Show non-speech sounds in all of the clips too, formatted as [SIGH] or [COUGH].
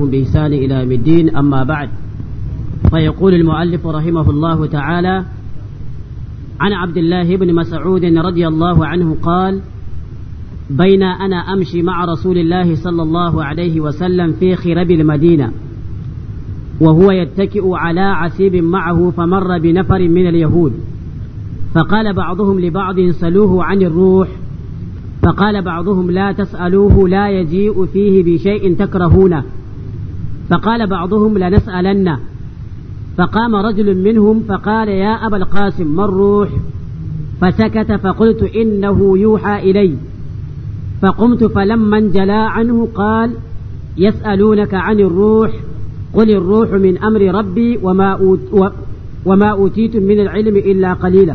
واتبعهم بإحسان إلى يوم الدين أما بعد فيقول المؤلف رحمه الله تعالى عن عبد الله بن مسعود رضي الله عنه قال بين أنا أمشي مع رسول الله صلى الله عليه وسلم في خرب المدينة وهو يتكئ على عسيب معه فمر بنفر من اليهود فقال بعضهم لبعض سلوه عن الروح فقال بعضهم لا تسألوه لا يجيء فيه بشيء تكرهونه فقال بعضهم لنسألن فقام رجل منهم فقال يا أبا القاسم ما الروح فسكت فقلت إنه يوحى إلي فقمت فلما انجلى عنه قال يسألونك عن الروح قل الروح من أمر ربي وما أوت وما أوتيتم من العلم إلا قليلا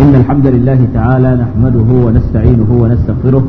إن الحمد لله تعالى نحمده ونستعينه ونستغفره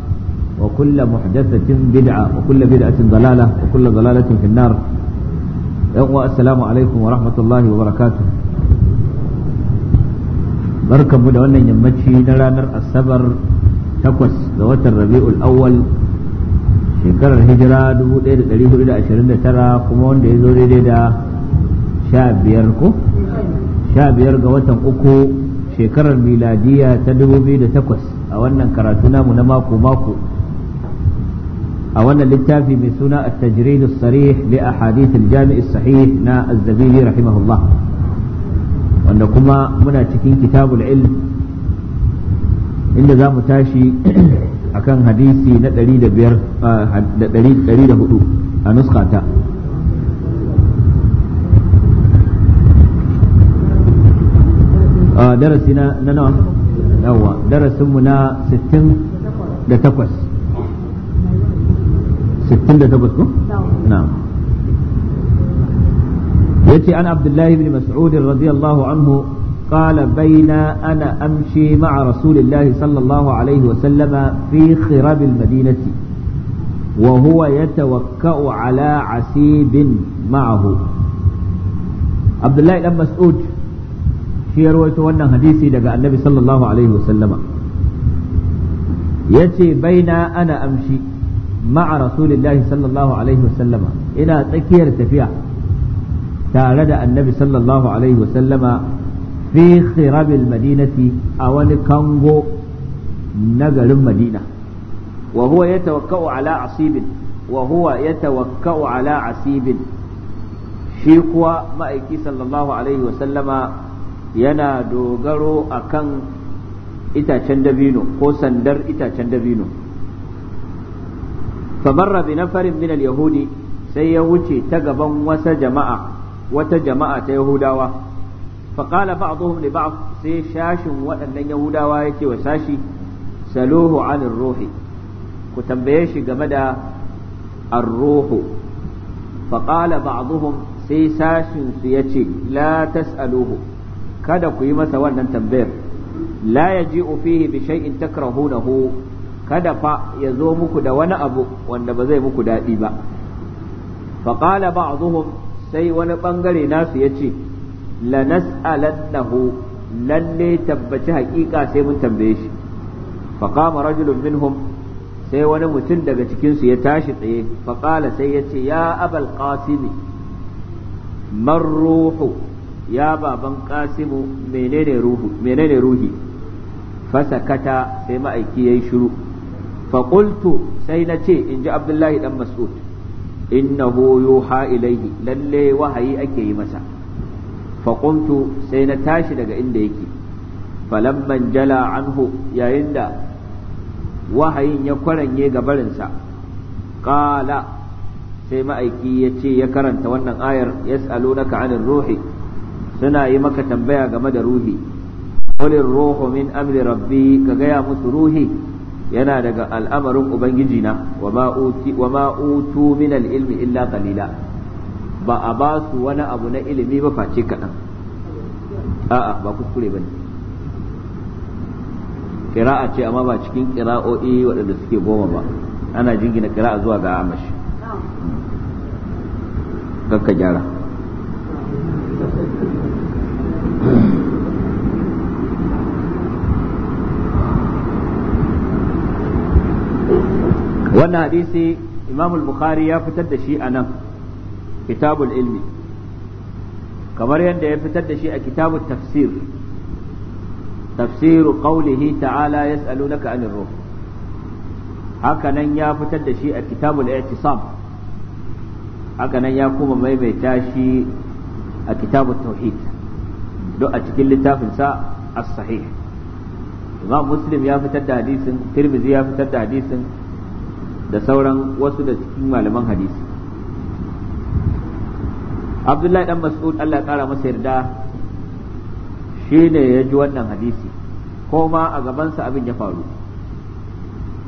وكل محدثة بدعة وكل بدعة ضلالة وكل ضلالة في النار السلام عليكم ورحمة الله وبركاته barkanmu da wannan yammaci na ranar asabar takwas ga watan rabi'ul awwal shekarar hijira 1429 kuma wanda ya zo daidai da sha biyar ga watan uku shekarar miladiya ta 2008 a wannan karatu na a wannan littafi mai suna at-tajrid as-sarih li a al-jami' as-sahih na az-zabidi rahimahullah wanda kuma muna cikin kitabul ilm inda za mu tashi [CLEARS THROAT] kan hadisi na 105 da 104 a nuskata darasi na nawa yawa darasinmu na 68 68 yace an abdullahi ibn mas'ud radiyallahu anhu qala bayna ana amshi ma'a rasulillahi sallallahu alayhi wa sallama fi khirab almadinati wa huwa yatawakka'u ala asibin ma'ahu abdullahi ibn mas'ud shi yarwaito wannan hadisi daga annabi sallallahu alayhi wa sallama yace bayna ana amshi ma'a rasulillahi sallallahu alaihi wasallama ina tsakiyar tafiya tare da annabi sallallahu alaihi wasallama fi khirabil madinati a wani kango na garin madina wa huwa yatawakkau ala asibin wa huwa shi kuwa ma'aiki sallallahu alaihi wasallama yana dogaro kan itacen dabino ko sandar itacen dabino famarra bi nafarin min al-yahudi sai ya wuce ta gaban wata jama'a wata jama'a ta yahudawa fa qala ba'dhum sai shashin waɗannan yahudawa yake wa sashi saluhu anir ruhi ku tambaye shi game da ar-ruhu fa sai sashinsu su yace la tas'aluhu kada ku yi masa wannan tambayar la yaji'u fihi bi shay'in takrahunahu kada fa ya zo muku da wani abu wanda ba zai muku daɗi ba faƙala ba'dhum sai wani ɓangare nasu ya ce lanas'alannahu lalle tabbaci haƙiƙa sai mun tambaye shi faƙama rajulun minhum sai wani mutum daga cikinsu ya tashi tsaye faƙala sai yace ce ya abal qasimi man ruhu ya baban qasimu menene ruhu menene ruhi sai ma'aiki yayi shiru fa qultu sai na ce inji abdullahi dan mas'ud innahu yuha ilayhi lalle wahayi ake yi masa fa sai na tashi daga inda yake falamman jala anhu yayin da wahayin ya kwaranye gabarinsa qala sai ma'aiki ya ce ya karanta wannan ayar yas'alunaka 'anil ruhi suna yi maka tambaya game da ruhi qul ruhu min amri rabbi ka gaya musu ruhi yana daga al'amarin ubangiji na wa ma'utu min ilmi illa qalila ba a ba su wani abu na ilimi ba face kaɗan a'a ba kuskure ba ne ƙira'a ce amma ba cikin ƙira'o'i waɗanda suke goma ba ana jingina kira'a zuwa ga amash kakka gyara wannan hadisi imam al-bukhari ya fitar da shi a nan kitabul ilmi kamar yadda ya fitar da shi a kitabul tafsir tafsiru qawlihi ta'ala yas'alunaka anir ruh haka nan ya fitar da shi a kitabul i'tisam haka nan ya kuma maimaita shi a kitabul tauhid duk a cikin littafinsa as-sahih imam muslim ya fitar da hadisin tirmidhi ya fitar da hadisin da sauran wasu da cikin malaman hadisi abdullahi dan mas'ud Allah ya kara masa yarda shi ne ya ji wannan hadisi ko ma a gabansa abin ya faru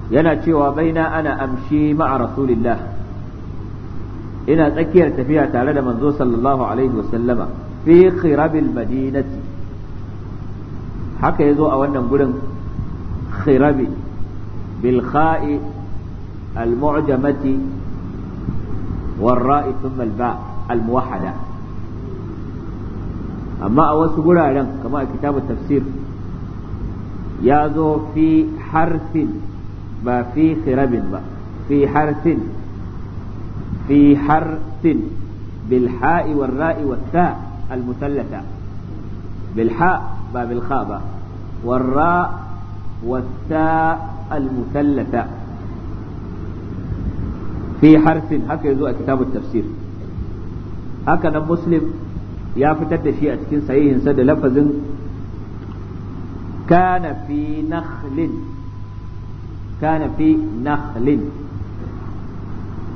yana cewa baina ana amshi ma'a rasulillah ina tsakiyar tafiya tare da manzo sallallahu alaihi wasallama fi khirabil madinati haka ya zo a wannan gurin khirabi bil kha'i المعجمة والراء ثم الباء الموحدة أما أوس قرارا كما كتاب التفسير يازو في حرث ما في خرب ما في حرث في حرث بالحاء والراء والثاء المثلثة بالحاء باب الخاء والراء والثاء المثلثة fi harfin haka zo a kitabut tafsir haka nan muslim ya fitar da shi a cikin sahihinsa da lafazin kana fi nakhlin kana fi nakhlin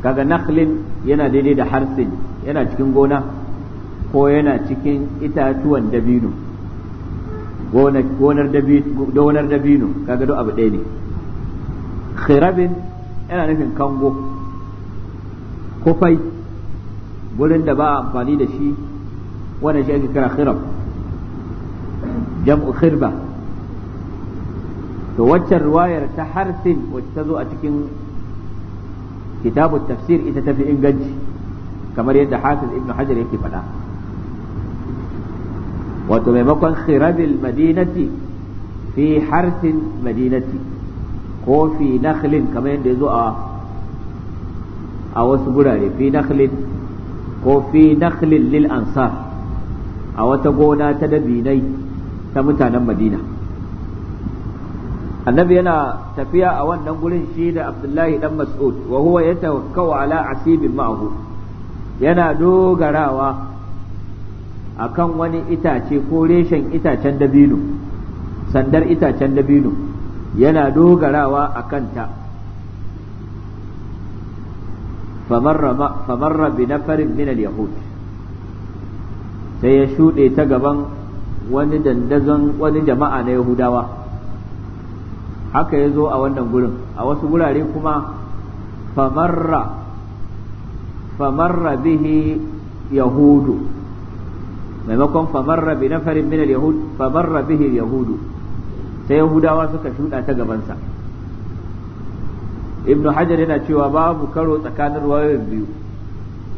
kaga nakhlin yana daidai da harsin yana cikin gona ko yana cikin itatuwan dabino gonar dabino kaga duk abu ɗaya ne khirabin yana nufin kango kufai burin da ba a amfani da shi wannan shi ake kira khirab jam'u khirba to waccan riwayar ta harsin wacce ta zo a cikin kitabu tafsir ita tafi inganci kamar yadda hafiz ibn hajar yake faɗa wato maimakon khirabil madinati fi harsin madinati ko fi nakhlin kamar yadda ya zo a a wasu gurare fi nakhlin ko fi nakhlin lil ansar a wata gona ta dabinai ta mutanen madina annabi yana tafiya a wannan gurin shi da abdullahi dan mas'ud wa huwa yatawakkau ala asibin ma'ahu yana dogarawa akan wani itace ko reshen itacen dabino sandar itacen dabino yana dogarawa a kanta famarra bi nafarin min al-yahud sai ya shuɗe ta gaban wani dandazon wani jama'a na yahudawa haka ya zo a wannan gurin a wasu gurare kuma famarra famarra bihi yahudu maimakon famarra bi nafarin min al-yahud famarra bihi yahudu sai yahudawa suka shuɗa ta gabansa ibn hajar yana cewa babu karo tsakanin ruwayoyin biyu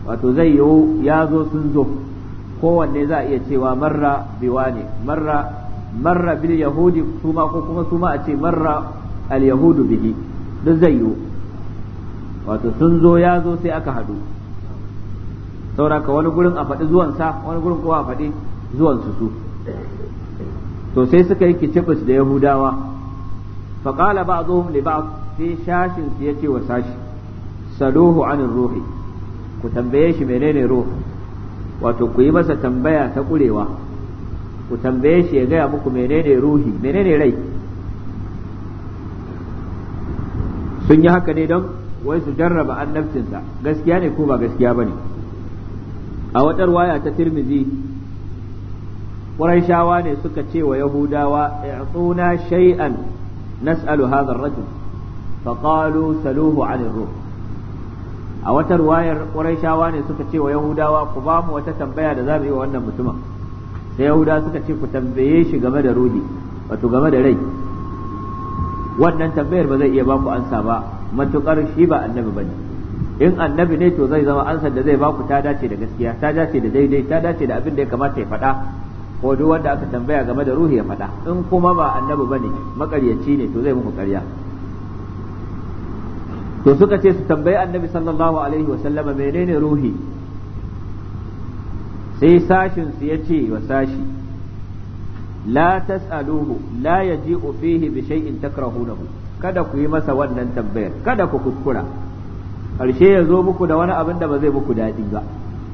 wato zai yiwu ya zo sun zo kowanne za a iya cewa marra biwa ne marra marra bil yahudi suma ko kuma suma a ce marra al yahudu bihi duk zai yiwu wato sun zo ya zo sai aka hadu sauraka wani gurin a faɗi zuwansa wani gurin kowa a faɗi zuwansu su to sai suka yi kicibus da yahudawa faƙala ba a li ba'd sai shashin su ce wa sashi saluhu anin ruhi ku tambaye shi menene ruhu wato ku yi masa tambaya ta kurewa ku tambaye shi ya gaya muku menene ruhi menene rai sun yi haka ne don wai su jarraba annabcinsa gaskiya ne ko ba gaskiya ba ne a watar waya ta tirmizi shawa ne suka ce wa yahudawa i'tuna shai'an nas'alu hadha ar-rajul faqalu saluhu anir ruh a wata ruwayar quraishawa ne suka ce wa yahudawa ku ba mu wata tambaya da za mu yi wa wannan mutumin sai yahuda suka ce ku tambaye shi game da ruhi wato game da rai wannan tambayar ba zai iya ba ku ansa ba matukar shi ba annabi bane in annabi ne to zai zama ansar da zai ba ku ta dace da gaskiya ta dace da daidai ta dace da abin da ya kamata ya faɗa ko duk wanda aka tambaya game da ruhi ya faɗa in kuma ba annabi bane makaryaci ne to zai muku ƙarya to suka ce su tambayi annabi sallallahu alaihi wasallama menene ruhi sai sashin su ce wa sashi la tas'aluhu la yaji'u fihi bi shay'in takrahunahu kada ku yi masa wannan tambayar kada ku kuskura karshe ya zo muku da wani abin da ba zai muku daɗi ba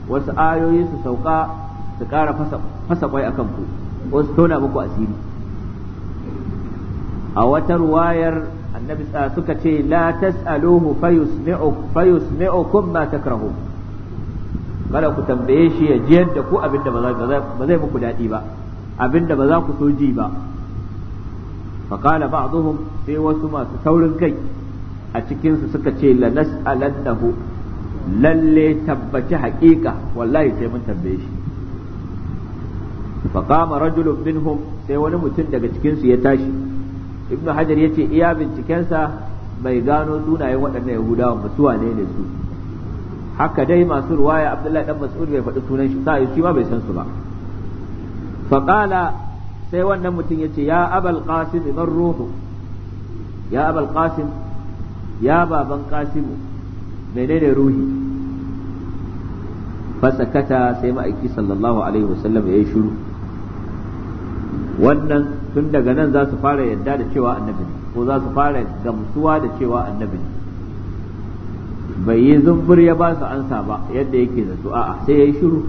wasu ayoyi su sauka su ƙara fasa kwai akan ku wasu tona muku asiri a wata ruwayar annabi ah, suka ce la tas'aluhu fayusmi'ukum ma takrahu kada ku tambaye shi ya ji yadda ku abinda ba zai muku daɗi ba abinda ba za ku so ji ba faƙala ba'dhum sai wasu masu taurin kai a cikinsu suka ce la nas'alannahu lalle tabbaci haƙiƙa wallahi sai mun tambaye shi faƙama rajulun minhum sai wani mutum daga cikinsu ya tashi ibnu hajar ya ce iya bincikensa bai gano sunayen waɗannan yahudawan ba suwa ne ne su haka dai masu ruwaya abdullahi dan mas'ud bai faɗi sunan shi sai shi ma bai san su ba fa sai wannan mutum ce ya abal qasim man ruhu ya abal qasim ya baban qasimu menene ruhi fasakata sai ma'aiki sallallahu alaihi wasallam ya yi shiru wannan tun daga nan za su fara yadda da cewa annabi ne ko za su fara gamsuwa da cewa annabi ne bai yi zumbur ya ba su ansa ba yadda yake zato a'a sai ya yi shiru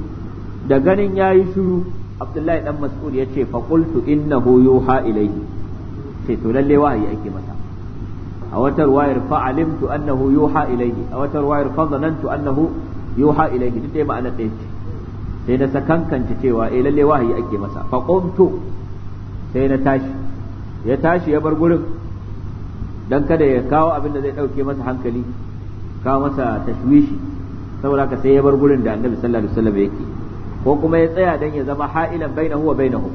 da ganin ya yi shiru Abdullahi dan Mas'ud ya ce fa qultu innahu yuha ilayhi sai to lalle wahayi ake masa a wata ruwayar fa alimtu annahu yuha ilayhi a wata ruwayar fa zanantu annahu yuha ilayhi duk dai ma'anar ɗaya ce sai na sakankance cewa eh lalle wahayi ake masa fa qumtu sai na tashi ya tashi ya bar gurin dan kada ya kawo abin da zai ɗauke masa hankali kawo masa tashwishi saboda haka sai ya bar gurin da annabi sallallahu alaihi wasallam yake ko kuma ya tsaya dan ya zama ha'ilan bainahu wa bainahu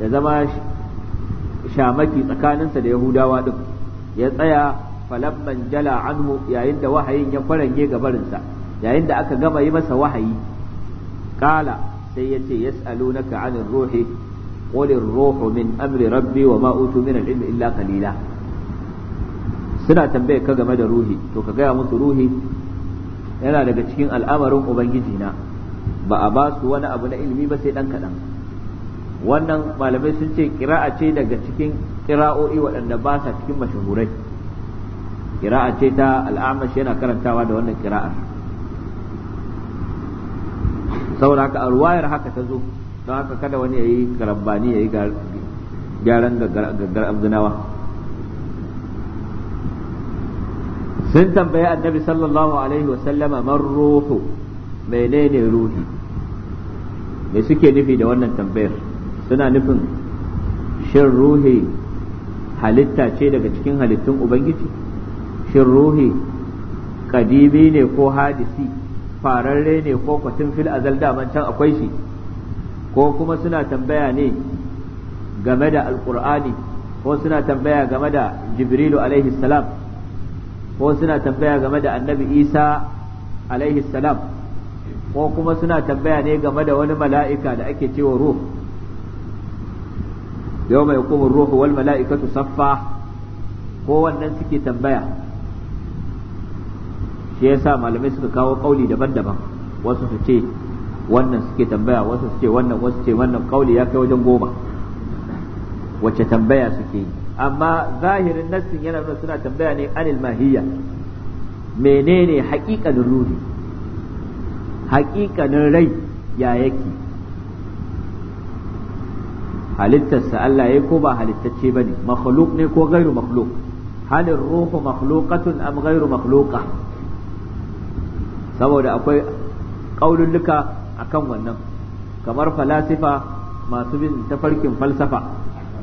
ya zama shamaki tsakaninsa da yahudawa din ya tsaya falamman jala anhu yayin da wahayin ya farange gabarinsa yayin da aka gama yi masa wahayi kala sai ya ce yas'alunaka 'anil ruhi qul ruhu min amri rabbi wa ma utu ilmi illa qalila suna tambayar ka game da ruhi to ka gaya musu ruhi yana daga cikin al'amarin ubangiji na ba a ba su wani abu na ilimi ba sai dan kaɗan wannan malamai sun ce kira'a ce daga cikin kira'o'i waɗanda ba sa cikin mashahurai kira'a ce ta al'amashi yana karantawa da wannan kira'ar saboda haka a ruwayar haka ta zo don haka kada wani ya yi karambani ya yi gyaran gaggar abdunawa sun tambayi annabi sallallahu alaihi wasallama man ruhu menene ruhi me suke nufi da wannan tambayar suna nufin shin ruhi halitta ce daga cikin halittun ubangiji shin ruhi kadimi ne ko hadisi fararre ne ko kwatin fil azal daman can akwai shi ko kuma suna tambaya ne game da alkur'ani ko suna tambaya game da jibrilu alaihi salam ko suna tambaya game da annabi isa alaihi salam ko kuma suna tambaya ne game da wani mala'ika da ake cewa ruh yau mai hukumar ruhu wal mala'ikatu saffa ko wannan suke tambaya shi yasa malamai suka kawo kauli daban-daban wasu su ce wannan suke tambaya wasu suke wannan wasu ce wannan kauli ya kai wajen goma wacce tambaya suke yi amma zahirin nassin yana nuna suna tambaya ne anil mahiyya menene haƙiƙanin ruhi haƙiƙanin rai ya yake halittarsa Allah ya ko ba halittacce ba ne makhluk ne ko gairu makhluk halin ruhu makhlukatun am gairu makhluka saboda akwai ƙaululluka akan wannan kamar falasifa masu bin tafarkin falsafa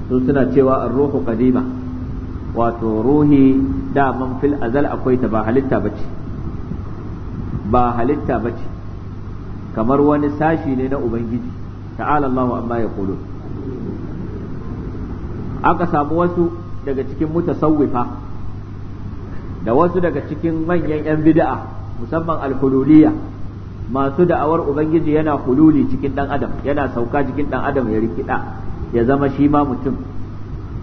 su suna cewa ruhu kadima wato ruhi daman fil azal akwai ta ba halitta bace ba halitta bace kamar wani sashi ne na ubangiji ta'ala Allahu amma ya kulu aka samu wasu daga cikin mutasawwifa da wasu daga cikin manyan 'yan bid'a musamman alhululiya masu da'awar ubangiji yana hululi cikin dan adam yana sauka cikin dan adam ya rikida ya zama shi ma mutum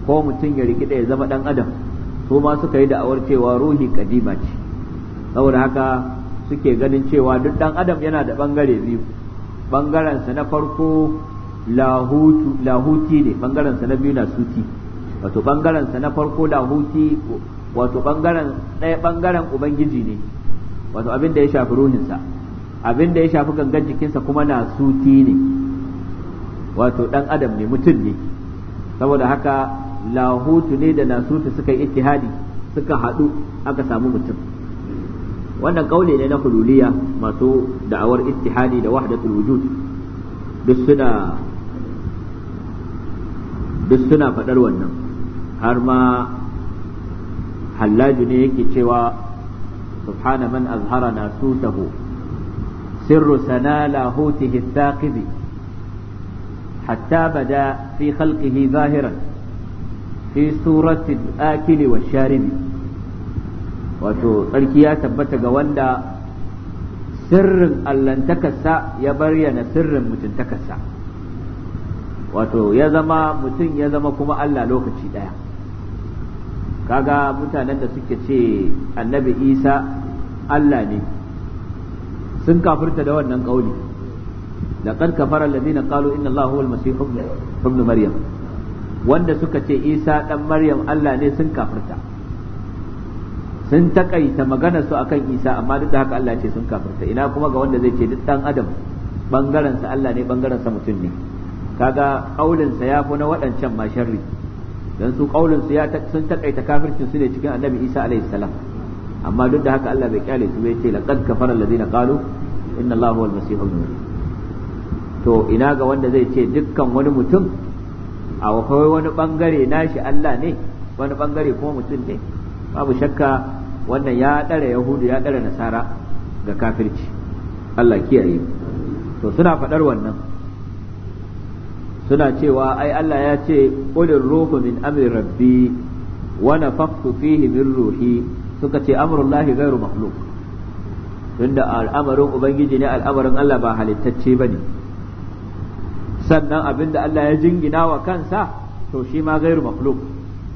ko mutum ya rikida ya zama dan adam su ma suka yi da'awar cewa ruhi kadima ce saboda haka suke ganin cewa duk dan adam yana da bangare biyu bangarensa na farko lahuti ne bangarensa na biyu na suti wato bangarensa na farko lahuti wato bangaren ɗaya bangaren ubangiji ne wato abin da ya shafi ruhinsa abin da ya shafi gangan jikinsa kuma na suti ne wato dan adam ne mutum ne saboda haka lahutu ne da nasutu suka yi ittihadi suka haɗu aka samu mutum wannan kauli ne na hululiya masu da'awar ittihadi da wahdatul wujud duk suna duk suna faɗar wannan har ma hallaju ne yake cewa subhana man azhara nasutahu سر سنال hatta الثاقب حتى بدا في خلقه ظاهرا في سورة الآكل والشارب wato tsarki ya tabbata ga wanda sirrin allantakarsa ya bayyana sirrin mutuntakarsa wato ya zama mutum ya zama kuma Allah lokaci ɗaya kaga mutanen da suke ce annabi isa Allah ne sun kafirta da wannan kauli laqad kafara alladhina qalu inna allaha huwa al-masih ibn maryam wanda suka ce isa dan maryam Allah ne sun kafirta sun takaita magana su akan isa amma duk da haka Allah ce sun kafirta ina kuma ga wanda zai ce duk dan adam bangaren sa Allah ne bangaren sa mutum ne kaga kaulin sa yafi na waɗancan masharri dan su kaulin su ya sun takaita kafircin su ne cikin annabi isa alaihi salam amma duk da haka Allah bai kyale su bai ce laqad kafara allazina qalu inna Allah huwal masih ibn to ina ga wanda zai ce dukkan wani mutum a wafai wani bangare nashi Allah ne wani bangare kuma mutum ne babu shakka wannan ya dare yahudu ya dare nasara ga kafirci Allah kiyaye to suna fadar wannan suna cewa ai Allah ya ce qulir ruhu min amri rabbi wa nafakhtu fihi min ruhi suka ce lahi ghairu makhluq tunda al'amarin ubangiji ne al'amarin Allah ba halittacce ba ne, sannan abinda Allah ya jingina wa kansa to shi ma ghairu makhluq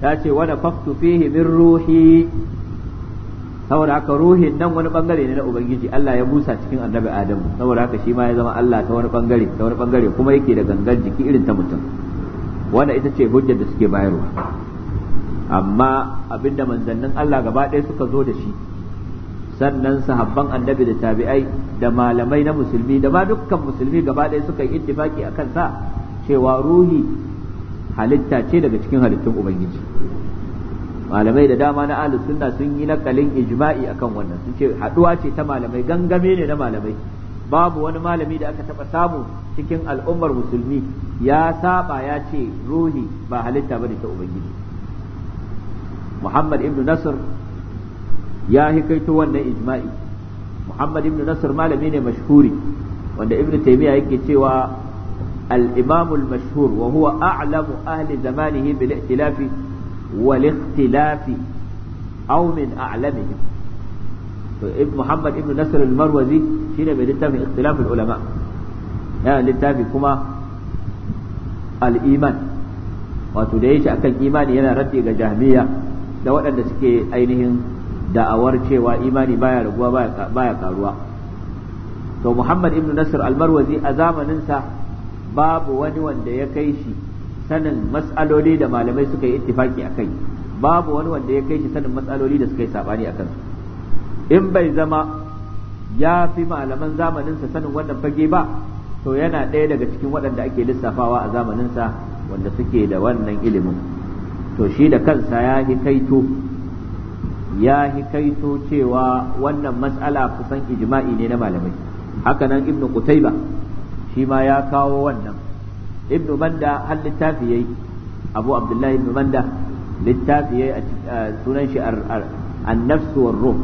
ya ce wa faftu fihi min ruhi saboda haka ruhin nan wani bangare ne na ubangiji Allah ya busa cikin annabi adamu saboda haka shi ma ya zama Allah ta wani bangare ta wani bangare kuma yake da gangan jiki irin ta mutum wanda ita ce hujjar da suke bayarwa amma abinda manzannin Allah gaba ɗaya suka zo da shi sannan sahabban annabi da tabi'ai da malamai na musulmi da ma dukkan musulmi gaba ɗaya suka yi ittifaki akan sa cewa ruhi halitta ce daga cikin halittun ubangiji malamai da dama na ahlus sunna sun yi nakalin ijma'i akan wannan sun ce haduwa ce ta malamai gangame ne na malamai babu wani malami da aka taba samu cikin al'ummar musulmi ya saba ya ce ruhi ba halitta bane ta ubangiji muhammad ibn nasr ya hikaito wannan ijma'i muhammad ibn nasr malami ne mashhuri wanda ibn taymiya yake cewa al-imam al-mashhur wa ahli zamanihi bil ihtilaf wal ikhtilaf aw min a'lamihim to muhammad ibn nasr al-marwazi shine mai littafin ikhtilaf ulama ya kuma al'iman wato da akan imani yana raddi ga da waɗanda suke ainihin da'awar cewa imani baya raguwa baya karuwa to muhammad ibnu nasir almarwazi a zamaninsa babu wani wanda ya kai shi sanin matsaloli da malamai suka yi ittifaki a kai babu wani wanda ya kai shi sanin matsaloli da suka yi sabani a kansu in bai zama ya fi malaman zamaninsa sanin wannan fage ba to yana ɗaya daga cikin waɗanda ake lissafawa a zamaninsa wanda suke da wannan ilimin to shi da kansa ya hikaito ya hikaito cewa wannan mas'ala kusan ijma'i ne na malamai hakanan ibnu qutayba shi ma ya kawo wannan ibnu manda har littafi yayi abu abdullahi ibnu manda littafi yayi a sunan shi an-nafs war ruh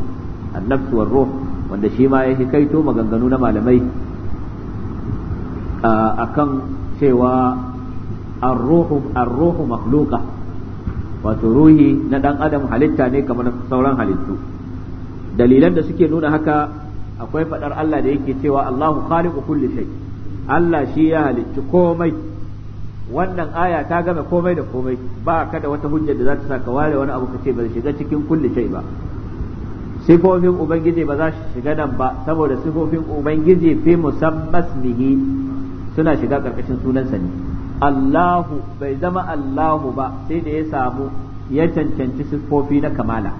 an-nafs war ruh wanda shi ma ya hikaito maganganu na malamai akan cewa ar-ruhu ar wato ruhi na dan adam halitta ne kamar sauran halittu dalilan da suke nuna haka akwai fadar Allah da yake cewa Allahu khaliqu kulli shay Allah shi ya halicci komai wannan aya ta game komai da komai ba ka da wata hujja da za ta sa ka ware wani abu ka ce ba shiga cikin kulli shay ba sifofin ubangiji ba za su shiga nan ba saboda sifofin ubangiji fi musammasmihi suna shiga karkashin sunansa ne Allahu bai zama Allahu ba sai da ya samu ya cancanci siffofi na kamala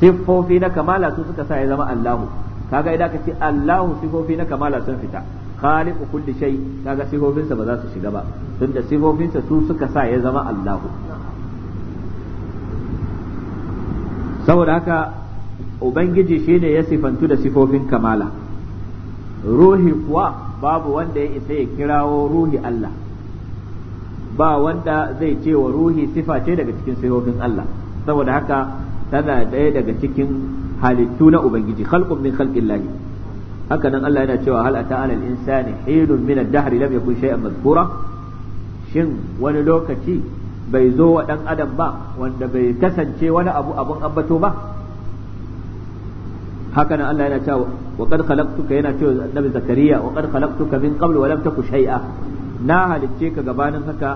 siffofi na kamala su suka sa ya zama Allahu kaga idan ka ce Allahu siffofi na kamala sun fita khaliqu kulli shay kaga sifofinsa ba za su shiga ba tunda sifofinsa su suka sa ya zama Allahu saboda haka ubangiji shine ya sifantu da sifofin kamala ruhi kuwa babu wanda ya isa ya kirawo ruhi Allah ba wanda zai ce wa ruhi sifa ce daga cikin sifofin Allah saboda haka tana ɗaya daga cikin halittu na ubangiji khalqun min khalqillahi haka nan Allah yana cewa hal ata'ala al-insani hilun min ad-dahr lam yakun shay'an madhkura shin wani lokaci bai zo wa dan adam ba wanda bai kasance wani abu abun ambato ba haka nan Allah yana cewa wa qad khalaqtuka yana cewa annabi zakariya wa qad khalaqtuka min qabl wa lam taku shay'a na halicce ka gabanin haka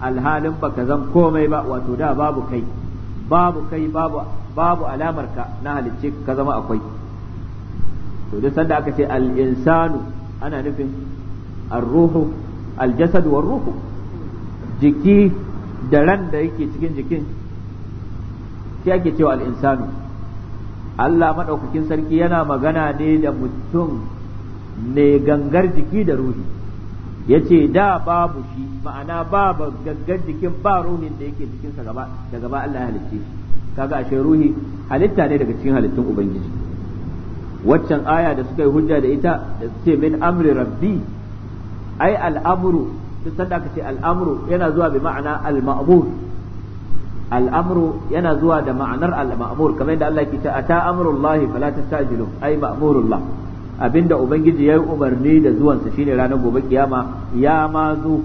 alhalin ka zan komai ba wato da babu kai babu kai babu babu alamar ka na halicce ka zama akwai to duk sanda aka ce al insanu ana nufin ar-ruhu al-jasad war ruhu jiki da ran da yake cikin jikin sai ake cewa al insanu Allah madaukakin sarki yana magana ne da mutum mai gangar jiki da ruhi yace da babu shi ma'ana babu gaggar jikin ba ruhin da yake jikinsa gaba da gaba Allah ya halicce shi kaga ashe ruhi halitta ne daga cikin halittun ubangiji waccan aya da suka yi hujja da ita da ce min amri rabbi ai al'amru duk sanda aka ce al'amru yana zuwa bi ma'ana al-ma'mur al'amru yana zuwa da ma'anar al-ma'mur kamar yadda Allah ke ta ata amrullahi fala tastajilu ai ma'murullah abinda ubangiji ya yi umarni da zuwansa shine ranar gobe kiyama ya ma zo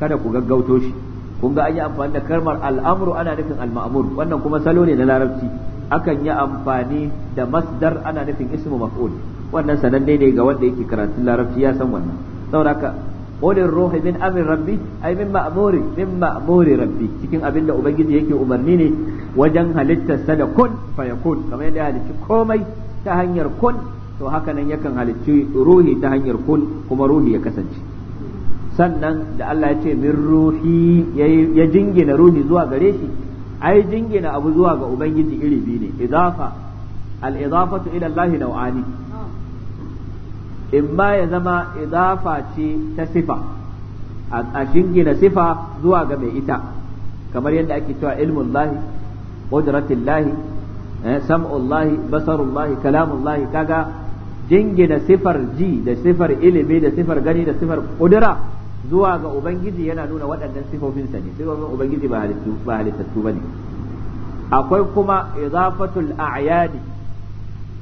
kada ku gaggauto shi kun ga an amfani da kalmar al'amru ana nufin alma'amur, mamur wannan kuma salo ne na larabci akan yi amfani da masdar ana nufin ismu maf'ul wannan sanan ne ga wanda yake karatun larabci ya san wannan saboda haka qulir ruhi min amri rabbi ay min ma'muri min ma'muri rabbi cikin abinda ubangiji yake umarni ne wajen halittar sa da kun fayakun kamar yadda halicci komai ta hanyar kun to haka nan yakan halicci ruhi ta hanyar kun kuma ruhi ya kasance sannan da Allah ya ce min ruhi ya jingina ruhi zuwa gare shi ai jingina abu zuwa ga ubangiji iri biyu ne idafa al idafatu ila Allah in imma ya zama idafa ce ta sifa a jingina sifa zuwa ga mai ita kamar yadda ake cewa ilmun lahi qudratin eh, sam'ullahi basarullahi kalamullahi kaga jingina sifar ji da sifar ilimi da sifar gani da sifar kudura zuwa ga ubangiji yana nuna waɗannan sifofinsa ne sifofin ubangiji ba halittattu ba ne akwai kuma idafatul a'yadi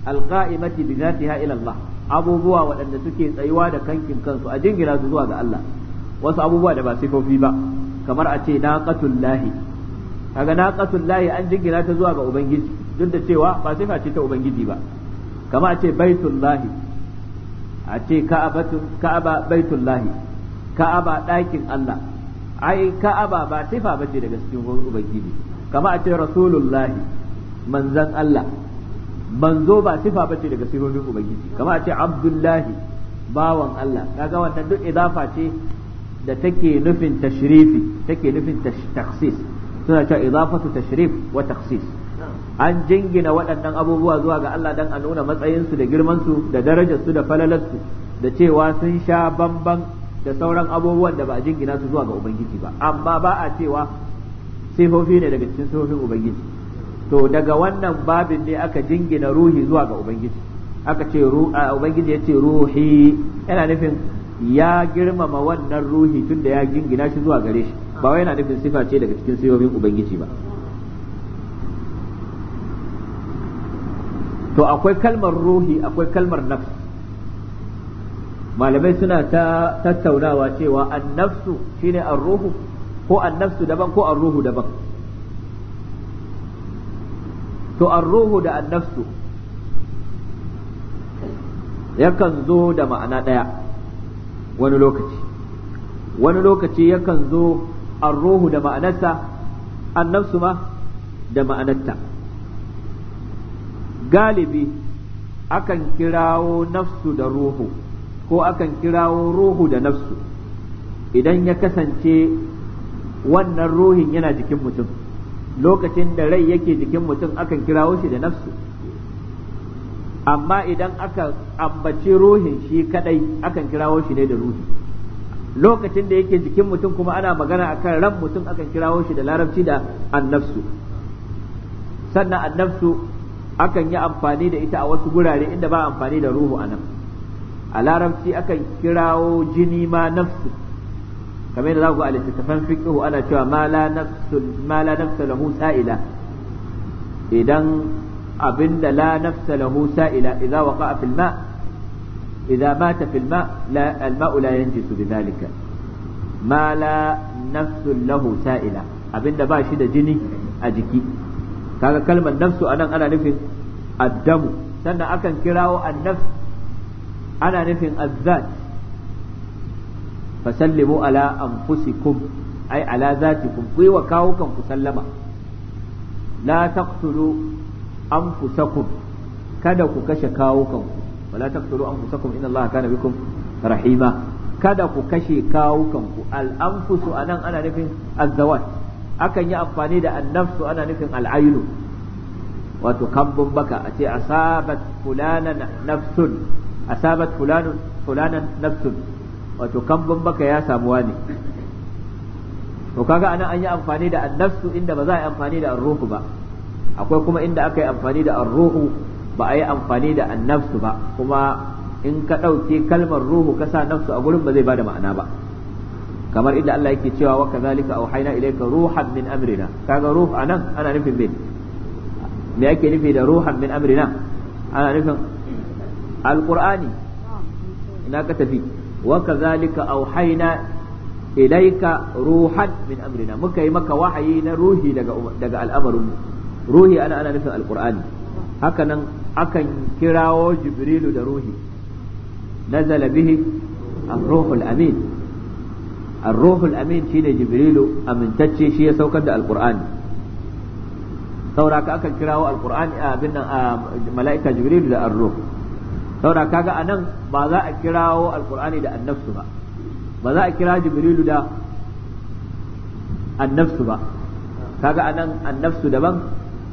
alqa'imati bi zatiha ila Allah abubuwa waɗanda suke tsayuwa da kankin kansu a jingina su zuwa ga Allah wasu abubuwa da ba sifofi ba kamar a ce naqatul lahi kaga naqatul lahi an jingina ta zuwa ga ubangiji duk da cewa ba sifa ce ta ubangiji ba kama a ce baitullahi a ce ka'aba baitullahi ka'aba ɗakin Allah ai ka'aba ba sifa bace daga cikin ubangiji kama a ce rasulullahi manzan Allah manzo ba sifa bace daga sifofin ubangiji kama a ce abdullahi bawan Allah kaga wannan duk idafa ce da take nufin tashrifi take nufin takhsis suna cewa idafatu tashrif wa takhsis an jingina waɗannan abubuwa zuwa ga Allah don a nuna matsayinsu da girmansu da darajarsu da falalarsu da cewa sun sha bamban da sauran abubuwan da ba a jingina su zuwa ga ubangiji ba amma ba a cewa sifofi ne daga cikin sifofin ubangiji to daga wannan babin ne aka jingina ruhi zuwa ga ubangiji aka ce ubangiji ya ce ruhi yana nufin ya girmama wannan ruhi tun da ya jingina shi zuwa gare shi ba wai yana nufin sifa ce daga cikin sifofin ubangiji ba to akwai kalmar ruhi akwai kalmar nafs malamai suna ta tattaunawa cewa an nafsu shine an ruhu ko an nafsu daban ko an ruhu daban to an ruhu da an nafsu yakan zo da ma'ana ɗaya wani lokaci wani lokaci yakan zo an ruhu da ma'anarsa an nafsu ma da ma'anarta galibi akan kirawo nafsu da ruhu ko akan kirawo ruhu da nafsu idan ya kasance wannan ruhin yana jikin mutum lokacin da rai yake jikin mutum akan kirawo shi da nafsu amma idan aka ambaci ruhin shi kadai akan kirawo shi ne da ruhi lokacin da yake jikin mutum kuma ana magana akan ran mutum akan kirawo shi da larabci da annafsu sannan annafsu akan yi amfani da ita a wasu gurare inda ba amfani da ruhu a nan a larabci akan kirawo jini ma nafsu kamar yadda za ku a littattafan fiqhu ana cewa ma la nafsu ma la nafsu lahu sa'ila idan abinda la nafsa lahu sa'ila idza waqa'a fil ma idza mata fil ma la al ma'u la yanjisu bidhalika ma la nafsu lahu sa'ila abinda ba shi da jini a jiki kaga kalmar nafsu anan ana nufin addamu sannan akan kirawo annafs ana nufin azzat fasallimu ala anfusikum ay ala zatikum ku wa kawukan ku sallama la taqtulu anfusakum kada ku kashe kawukan ku wala taqtulu anfusakum inna allaha kana bikum rahima kada ku kashe kawukan ku al anfusu anan ana nufin azzawat akan yi amfani da annafsu ana nufin al'ainu wato kambun baka a ce asabat fulanan nafsun asabat fulanun fulanan nafsun wato kambun baka ya samuwa ne to kaga anan an yi amfani da annafsu inda ba za a yi amfani da ruhu ba akwai kuma inda aka yi amfani da ruhu ba a yi amfani da annafsu ba kuma in ka ɗauke kalmar ruhu ka sa nafsu a gurin ba zai bada ma'ana ba kamar inda Allah yake cewa wa kadhalika auhayna ilayka ruhan min amrina kaga ruh anan ana nufin bin me ake nufi da ruhan min amrina ana nufin alqur'ani ina ka tafi wa kadhalika auhayna ilaika ruhan min amrina muka yi maka wahayi na ruhi daga daga al'amarin ruhi ana ana nufin alqur'ani haka nan akan kirawo jibrilu da ruhi nazala bihi ar-ruhul amin ar-ruhul amin shine jibrilu amintacce shi ya saukar da alqur'ani saura ka akan kirawo alqur'ani abin nan mala'ika jibril da ar-ruh saura kaga anan ba za a kirawo alqur'ani da annafsu ba ba za a kira jibril da annafsu ba kaga anan annafsu daban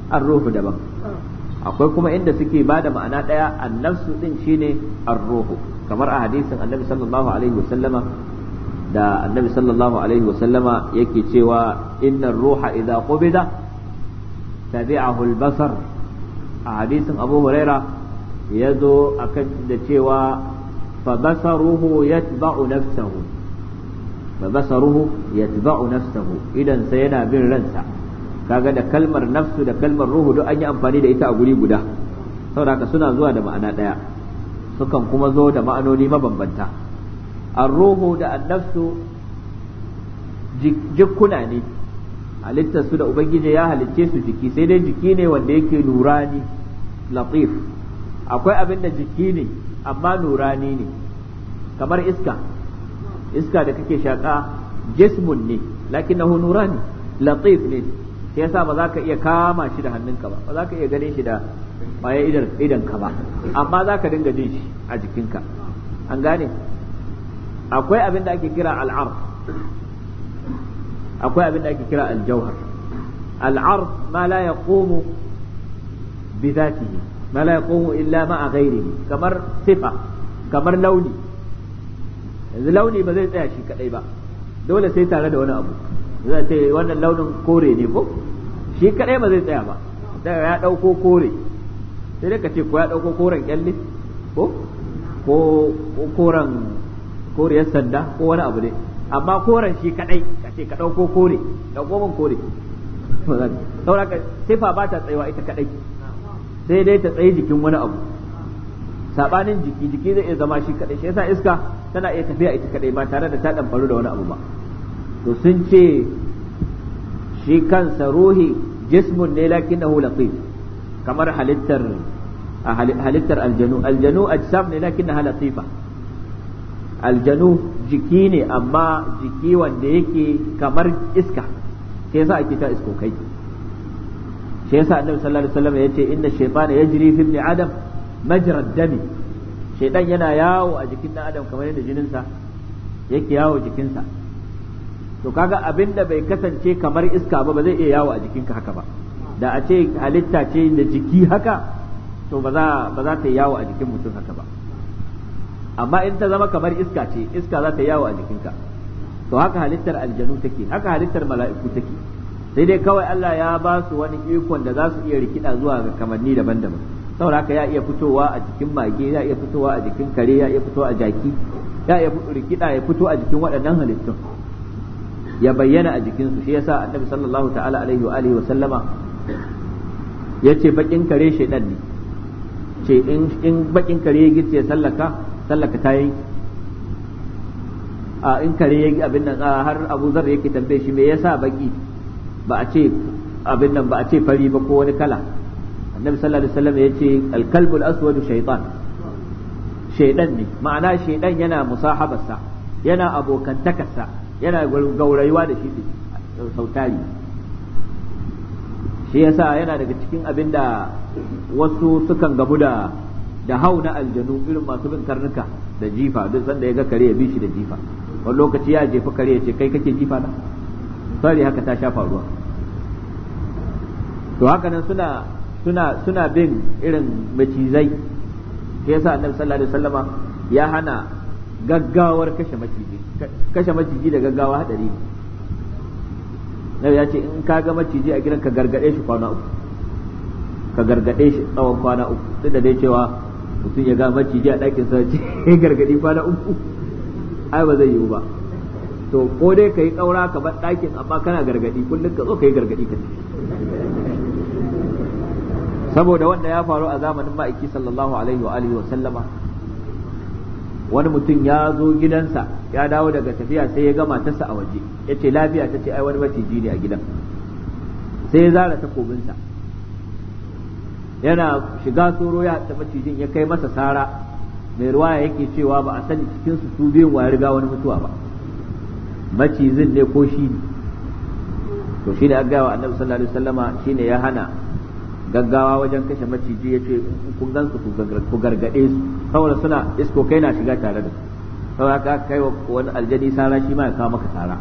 ar daban akwai kuma inda suke ba da ma'ana ɗaya annafsu ɗin shine ar kamar a hadisin annabi sallallahu alaihi wa sallama da annabi sallallahu alaihi wa sallama yake cewa innar ruha idza qubida tabi'ahu al-basar a hadisin Abu Huraira yazo akan da cewa fa basaruhu yatba'u nafsahu fa basaruhu yatba'u yana bin ransa kaga da kalmar nafsu da kalmar ruhu duk an yi amfani da ita a guri guda saboda suna zuwa da ma'ana ɗaya, sukan kuma zo da ma'anoni mabambanta ar-ruhu da an-nafsu jikkuna ne halittar su da ubangiji ya halicce su jiki sai dai jiki ne wanda yake nurani latif akwai abin da jiki ne amma nurani ne kamar iska iska da kake shaka jismun ne lakin lakinnahu nurani latif ne sai yasa ba za ka iya kama shi da hannunka ba ba za ka iya ganin shi da bayan idan ka ba amma za ka dinga jin shi a jikinka an gane akwai abin da ake kira al'ar akwai abin da ake kira aljauhar al'arf ma la yaqumu bi dhatihi ma la ya komo illa ma a ghairihi kamar sifa kamar launi yanzu launi ba zai tsaya shi kadai ba dole sai tare da wani abu zai ce wannan launin kore ne ko shi kadai ba zai tsaya ba da ya dauko kore sai dai ka ce ko ya dauko koren kyalle ko ko koren koriyar sanda ko wani abu ne amma koren shi kadai ce ka ɗauko kore ɗauko min kore sauraka sifa ba ta tsayawa ita kaɗai sai dai ta tsaye jikin wani abu saɓanin jiki jiki zai iya zama shi kaɗai shi yasa iska tana iya tafiya ita kaɗai ba tare da ta ɗanfaru da wani abu ba to sun ce shi kansa ruhi jismun ne lakin na kamar halittar halittar aljanu aljanu ajsam ne lakin na latifa aljanu jiki ne amma jiki wanda yake kamar iska sai yasa ake ta isko kai sai yasa annabi sallallahu alaihi wasallam yace inna shaytana yajri fi ibn adam majra dami shaytan yana yawo a jikin dan adam kamar yadda jininsa yake yawo jikinsa to kaga abinda bai kasance kamar iska ba ba zai iya yawo a jikinka haka ba da a ce halitta ce da jiki haka to ba za ta yawo a jikin mutum haka ba amma in ta zama kamar iska ce iska za ta yawo a jikinka to haka halittar aljanu take haka halittar mala'iku take sai dai kawai Allah ya ba su wani ikon da za su iya rikida zuwa ga kamanni daban-daban saboda haka ya iya fitowa a jikin mage ya iya fitowa a jikin kare ya iya fitowa a jaki ya iya rikida ya fito a jikin waɗannan halittun ya bayyana a jikin su shi yasa annabi sallallahu ta'ala alaihi wa alihi wa sallama yace bakin kare shedan ne ce in bakin kare ya gice sallaka sallaka ta yi a in kare ya abin nan har abu zar yake tambaye shi me yasa baki ba a ce abin nan ba a ce fari ba ko wani kala annabi sallallahu alaihi wasallam ya ce alkalbul aswadu shaytan shaydan ne ma'ana shaydan yana musahabarsa yana abokantakarsa yana gaurayuwa da shi sautari shi yasa yana daga cikin abin da wasu sukan gabu da da hau na aljanu irin masu bin karnuka da jifa duk sanda ya ga kare ya bi shi da jifa wani lokaci ya jefa kare ya ce kai kake jifa na sari haka ta shafa ruwa. to haka nan suna suna suna bin irin macizai ke yasa annabi sallallahu alaihi wasallama ya hana gaggawar kashe maciji kashe maciji da gaggawa hadari ne ya ce in ka ga maciji a gidan ka gargade shi kwana uku ka gargade shi tsawon kwana uku duk da dai cewa mutum ya ga maciji a ɗakin [LAUGHS] ya ce gargadi kwana uku ai ba zai yiwu ba to ko dai ka yi ƙaura ka bar ɗakin amma kana gargadi kullum ka zo ka yi gargadi ka saboda wanda ya faru a zamanin ma'aiki sallallahu alaihi wa alihi wa sallama wani mutum ya zo gidansa ya dawo daga tafiya sai ya gama tasa a waje ya ce lafiya ta ce ai wani maciji ne a gidan sai ya zara takobinsa yana shiga tsoro ya taɓa cijin ya kai masa sara mai ruwaya yake cewa ba a sani cikin su su biyun wa riga wani mutuwa ba macizin ne ko shi ne to shi ne an gaya wa annabi sallallahu alaihi wasallama shi ne ya hana gaggawa wajen kashe maciji ya ce kun gansu ku gargaɗe su saboda suna isko kai na shiga tare da su saboda ka kai wa wani aljani sara shi ma ya kawo maka sara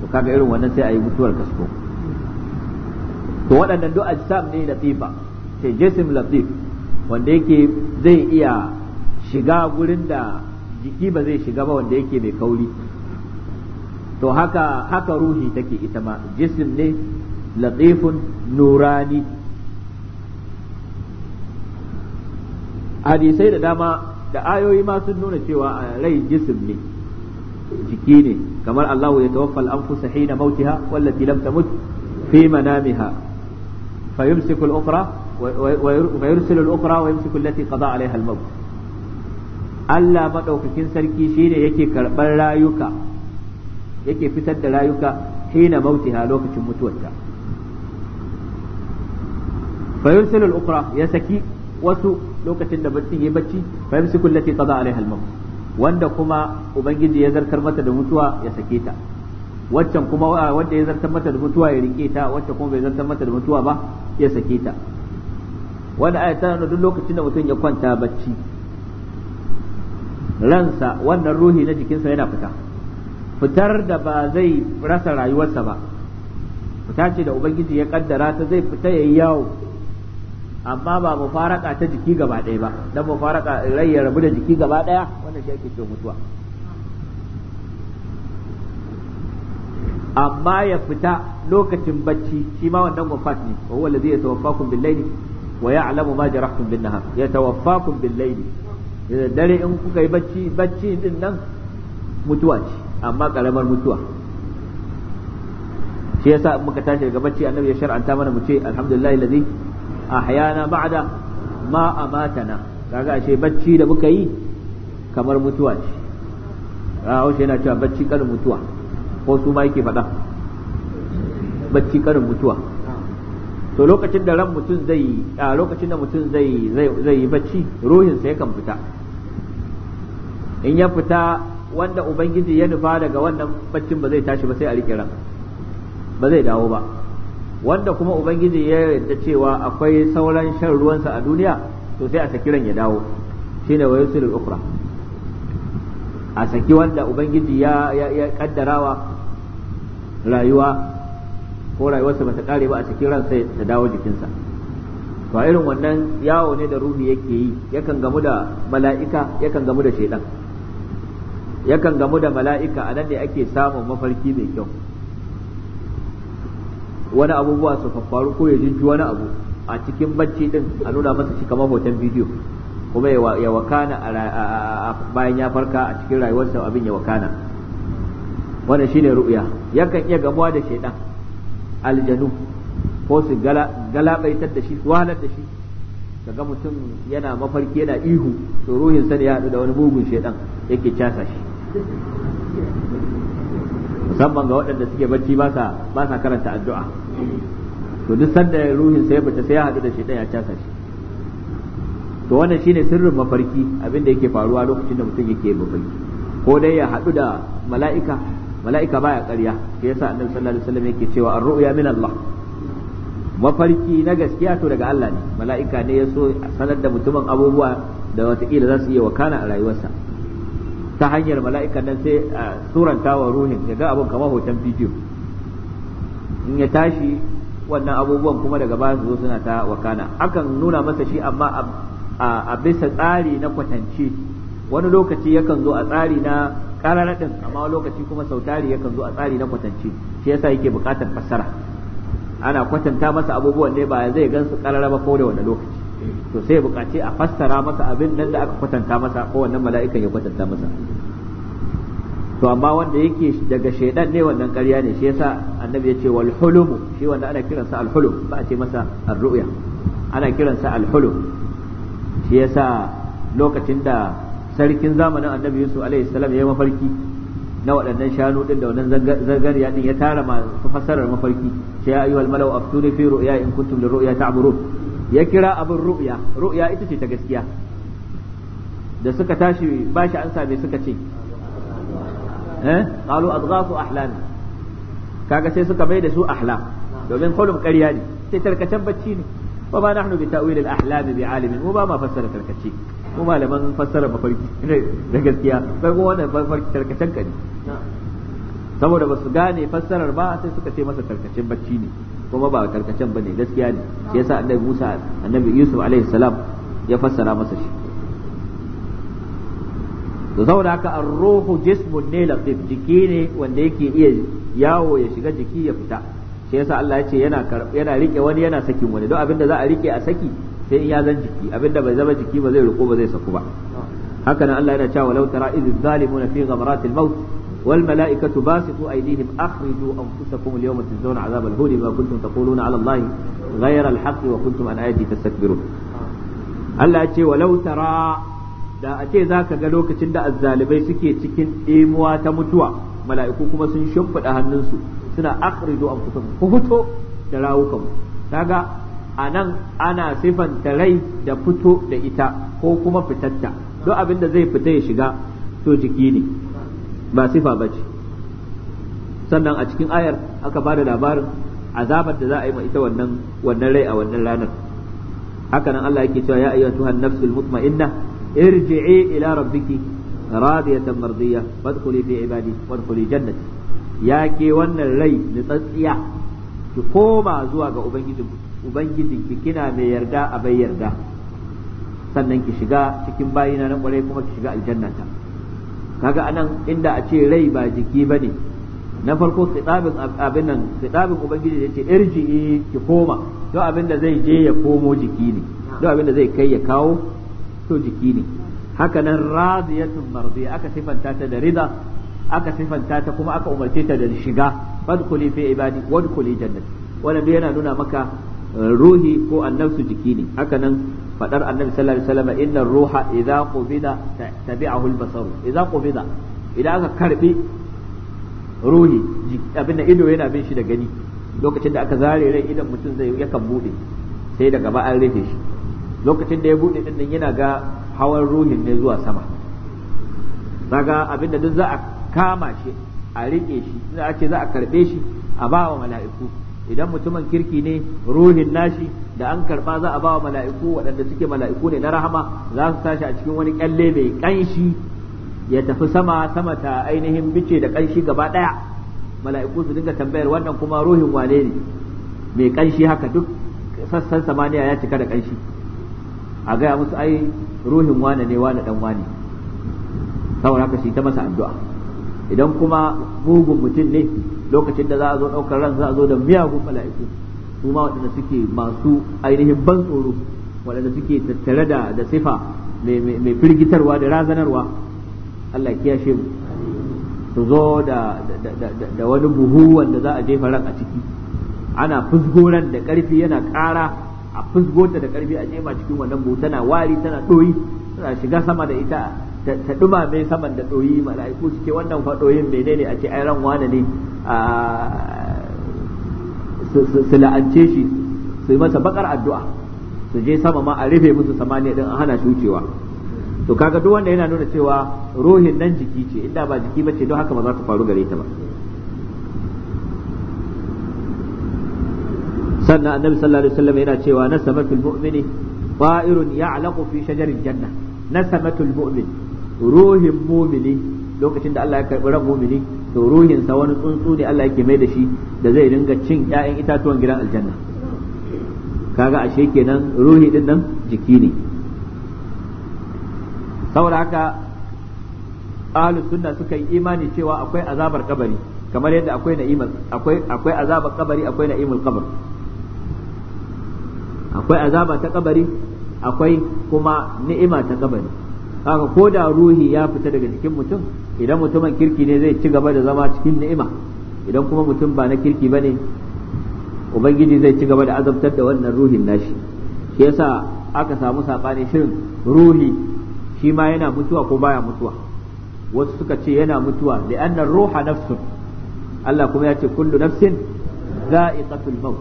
to kaga irin wannan sai a yi mutuwar kasko to waɗannan duk ajsam ne latifa ce jisim latif wanda yake zai iya shiga gurin da jiki ba zai shiga ba wanda yake mai kauri to haka haka ruhi take ita ma jisim ne latifun nurani hadisai da dama da ayoyi ma sun nuna cewa rai jisim ne jiki ne kamar Allahu ya tawaffa al-anfusa hina mautiha wallati lam tamut fi manamiha fayumsiku al-ukhra ويرسل الأخرى ويمسك التي قضى عليها الموت Allah maɗaukakin sarki shine yake karɓar rayuka yake fitar da rayuka hina mauti mautiha lokacin mutuwarta fayursilu al ukura ya saki wasu lokacin da mutum ya bacci fa yamsiku allati qada a al-maut wanda kuma ubangiji ya zartar mata da mutuwa ya sake ta waccan kuma wanda ya zartar mata da mutuwa ya riƙe ta wacce kuma bai zartar mata da mutuwa ba ya sake ta wani aya ta duk lokacin da mutum ya kwanta bacci ransa wannan ruhi na jikinsa yana fita fitar da ba zai rasa rayuwarsa ba fita ce da ubangiji ya kaddara ta zai fita ya yawo amma ba mu faraka ta jiki gaba ɗaya ba dan mufaraka rai ya rabu da jiki gaba ɗaya wannan shi ake ce mutuwa amma ya fita lokacin bacci shi ma wannan wafat ne wa huwa allazi yatawaffakum bil-layli Waya ya'lamu ma jarahtum bin nahar yatawaffakum bil layli da dare in kuka yi bacci bacci din nan mutuwa ce amma mutuwa shi yasa in muka tashi daga bacci annabi ya shar'anta mana mu ce alhamdulillah alladhi ahyana ba'da ma amatana kaga ashe bacci da muka yi kamar mutuwa ce rahaushe yana cewa bacci karin mutuwa ko su ma yake faɗa bacci karin mutuwa to lokacin da ran mutum zai a lokacin da mutum zai zai yi bacci ruhinsa yakan fita in ya fita wanda ubangiji ya nufa daga wannan baccin ba zai tashi ba sai a riƙe ran ba zai dawo ba wanda kuma ubangiji ya yarda cewa akwai sauran shan ruwansa a duniya to sai a saki ran ya dawo shine wa yusul ukra a saki wanda ubangiji ya ya kaddarawa rayuwa ko rayuwarsa ta kare ba a cikin sai ta dawo jikinsa to irin wannan yawo ne da ruhi yake yi yakan gamu da mala'ika yakan gamu da shaidan yakan gamu da mala'ika a nan ne ake samun mafarki mai kyau wani abubuwa su faffaru ko ya jinju wani abu a cikin bacci din a nuna masa shi kamar hoton bidiyo kuma ya wakana bayan ya farka a cikin rayuwarsa abin ya wakana wannan shine ru'ya yakan iya gamuwa da shaidan aljanu ko su galabaitar da shi wahalar da shi ga mutum yana mafarki yana ihu to ruhin sa ya haɗu da wani bugun shedan yake casa shi musamman ga waɗanda suke bacci ba sa karanta addu'a to duk sanda ruhin sa ya fita sai ya haɗu da shedan ya casa shi to wannan shine sirrin mafarki abinda yake faruwa lokacin da mutum yake mafarki ko dai ya haɗu da mala'ika mala'ika baya ƙarya shi yasa annabi sallallahu alaihi wasallam yake cewa ar-ru'ya min Allah mafarki na gaskiya to daga Allah ne mala'ika ne ya so sanar da mutumin abubuwa da ila za su iya wakana a rayuwarsa ta hanyar mala'ika nan sai a suranta ruhin ya ga abun kamar hoton bidiyo in ya tashi wannan abubuwan kuma daga baya su zo suna ta wakana akan nuna masa shi amma a bisa tsari na kwatance wani lokaci yakan zo a tsari na karara din amma lokaci kuma sautari yakan zo a tsari na kwatance shi yasa yake buƙatar fassara ana kwatanta masa abubuwan ne ba zai gan su karara ba ko da wani lokaci to sai buƙaci a fassara masa abin nan da aka kwatanta masa ko wannan mala'ikan ya kwatanta masa to amma wanda yake daga shaidan ne wannan ƙarya ne shi yasa annabi ya ce wal hulum shi wanda ana kiransa al hulum ba a ce masa ar ru'ya ana kiransa al hulum shi yasa lokacin da sarkin zamanin annabi yusuf alaihi salam ya mafarki na waɗannan shanu ɗin da wannan zargariya din ya tara masu fassarar mafarki ce ya ayyuhal malau aftuni fi ru'ya in kuntum li ru'ya ta'burun ya kira abin ru'ya ru'ya ita ce ta gaskiya da suka tashi bashi an same suka ce eh qalu adghafu ahlam kaga sai suka bai da su ahla domin qulum ƙarya ne sai tarkacen bacci ne wa ma nahnu bi ta'wil al ahlam bi alimin mu ba ma fassara tarkace ko malaman fassara mafarki da gaskiya sai ko wannan mafarki tarkacen ka ne saboda ba su gane fassarar ba sai suka ce masa tarkacen bacci ne kuma ba tarkacen bane gaskiya ne shi yasa annabi Musa annabi Yusuf alaihi salam ya fassara masa shi to saboda haka ar-ruhu jismun ne latif jiki ne wanda yake iya yawo ya shiga jiki ya fita shi yasa Allah ya ce yana yana rike wani yana sakin wani don abin da za a rike a saki sai in ya zan jiki abinda bai zama jiki ba zai riko ba zai saku ba haka nan Allah yana cewa walau tara idh zalimuna fi ghamaratil maut wal malaikatu basitu aydihim akhriju anfusakum al yawma tujzauna azab al huli ma kuntum taquluna ala Allah ghayra al haqqi wa kuntum an ayati tastakbirun Allah ya ce walau tara da a ce zaka ga lokacin da azzalibai suke cikin ɗemuwa ta mutuwa mala'iku kuma sun shimfiɗa hannunsu suna akhrijo an ku fito da rawukan kaga a nan ana sifanta rai da fito da ita ko kuma fitatta duk abin da zai fita ya shiga to jiki ne ba sifa ba ce sannan a cikin ayar aka ba da labarin azabar da za a yi ma ita wannan wannan rai a wannan ranar haka nan Allah yake cewa ya ayyatuhan nafsul mutma'inna irji'i ila rabbiki radiyatan mardiya fadkhuli fi ibadi wadkhuli jannati ya ke wannan rai nitsatsiya ki koma zuwa ga ubangijinku ubangijinki kina mai yarda a bai yarda sannan ki shiga cikin bayi na kwarai kuma ki shiga aljannata kaga anan inda a ce rai ba jiki bane na farko kitabin abin nan kitabin ubangiji ya ce irji ki koma to abin da zai je ya komo jiki ne to abin da zai kai ya kawo to jiki ne haka nan radiyatun mardi aka sifanta ta da rida aka sifanta ta kuma aka umarce ta da shiga fadkhuli fi ibadi wadkhuli jannati wannan yana nuna maka ruhi ko annabsu jiki ne haka nan fadar annabi sallallahu alaihi wasallam innar ruha idza qubida tabi'ahu al-basar idza qubida idan aka karbi ruhi abin da ido yana bin shi da gani lokacin da aka zare rai idan mutum zai yakan bude sai daga ba an rufe shi lokacin da ya bude din nan yana ga hawan ruhin ne zuwa sama daga abin da duk za a kama shi a rike shi za a ce za a karbe shi a bawa wa mala'iku idan mutumin kirki ne ruhin nashi da an karba za a ba wa mala'iku waɗanda suke mala'iku ne na rahama za su tashi a cikin wani kyalle mai kanshi ya tafi sama sama ta ainihin bice da kanshi gaba ɗaya mala'iku su dinga tambayar wannan kuma ruhin wane ne mai kanshi haka duk sassan samaniya ya cika da kanshi a gaya musu ai ruhin wane ne wane dan wane saboda haka shi ta masa addu'a idan kuma mugun mutum ne lokacin da za a zo ɗaukar ran za a zo da miyagun mala'iku su ma waɗanda suke masu ainihin ban tsoro waɗanda suke tattare da da sifa mai firgitarwa da razanarwa Allah kiyashe mu su zo da da wani buhu wanda za a jefa ran a ciki ana fusgoran da ƙarfi yana ƙara a fusgota da ƙarfi a jefa cikin wannan buhu tana wari tana ɗoyi tana shiga sama da ita ta dumame saman da doyi mala'iku suke wannan faɗoyin doyin menene a ce ai ran wane ne a su la'ance shi su yi masa bakar addu'a su je sama ma a rufe musu samaniya din a hana shucewa to kaga duk wanda yana nuna cewa ruhin nan jiki ce inda ba jiki bace don haka ba za ka faru gare ta ba sannan annabi sallallahu alaihi wasallam yana cewa nasamatul mu'mini fa'irun ya'laqu fi shajarin janna nasamatul mu'min ruhin mumini lokacin da Allah ya karbi ran mumini to ruhin sa wani tsuntsu ne Allah yake mai da shi da zai dinga cin ƴaƴan itatuwan gidan aljanna kaga ashe kenan ruhi din nan jiki ne saboda haka ahlus sunna suka yi imani cewa akwai azabar kabari kamar yadda akwai na'imar akwai akwai azabar kabari akwai na'imul qabr akwai azaba ta kabari akwai kuma ni'ima ta kabari haka ko da ruhi ya fita daga jikin mutum idan mutumin kirki ne zai ci gaba da zama cikin ni'ima idan kuma mutum ba na kirki bane ubangiji zai ci gaba da azabtar da wannan ruhin nashi shi yasa aka samu sabani shirin ruhi shi ma yana mutuwa ko baya mutuwa wasu suka ce yana mutuwa da li'anna ruha nafsun Allah kuma ya ce kullu nafsin za'iqatul maut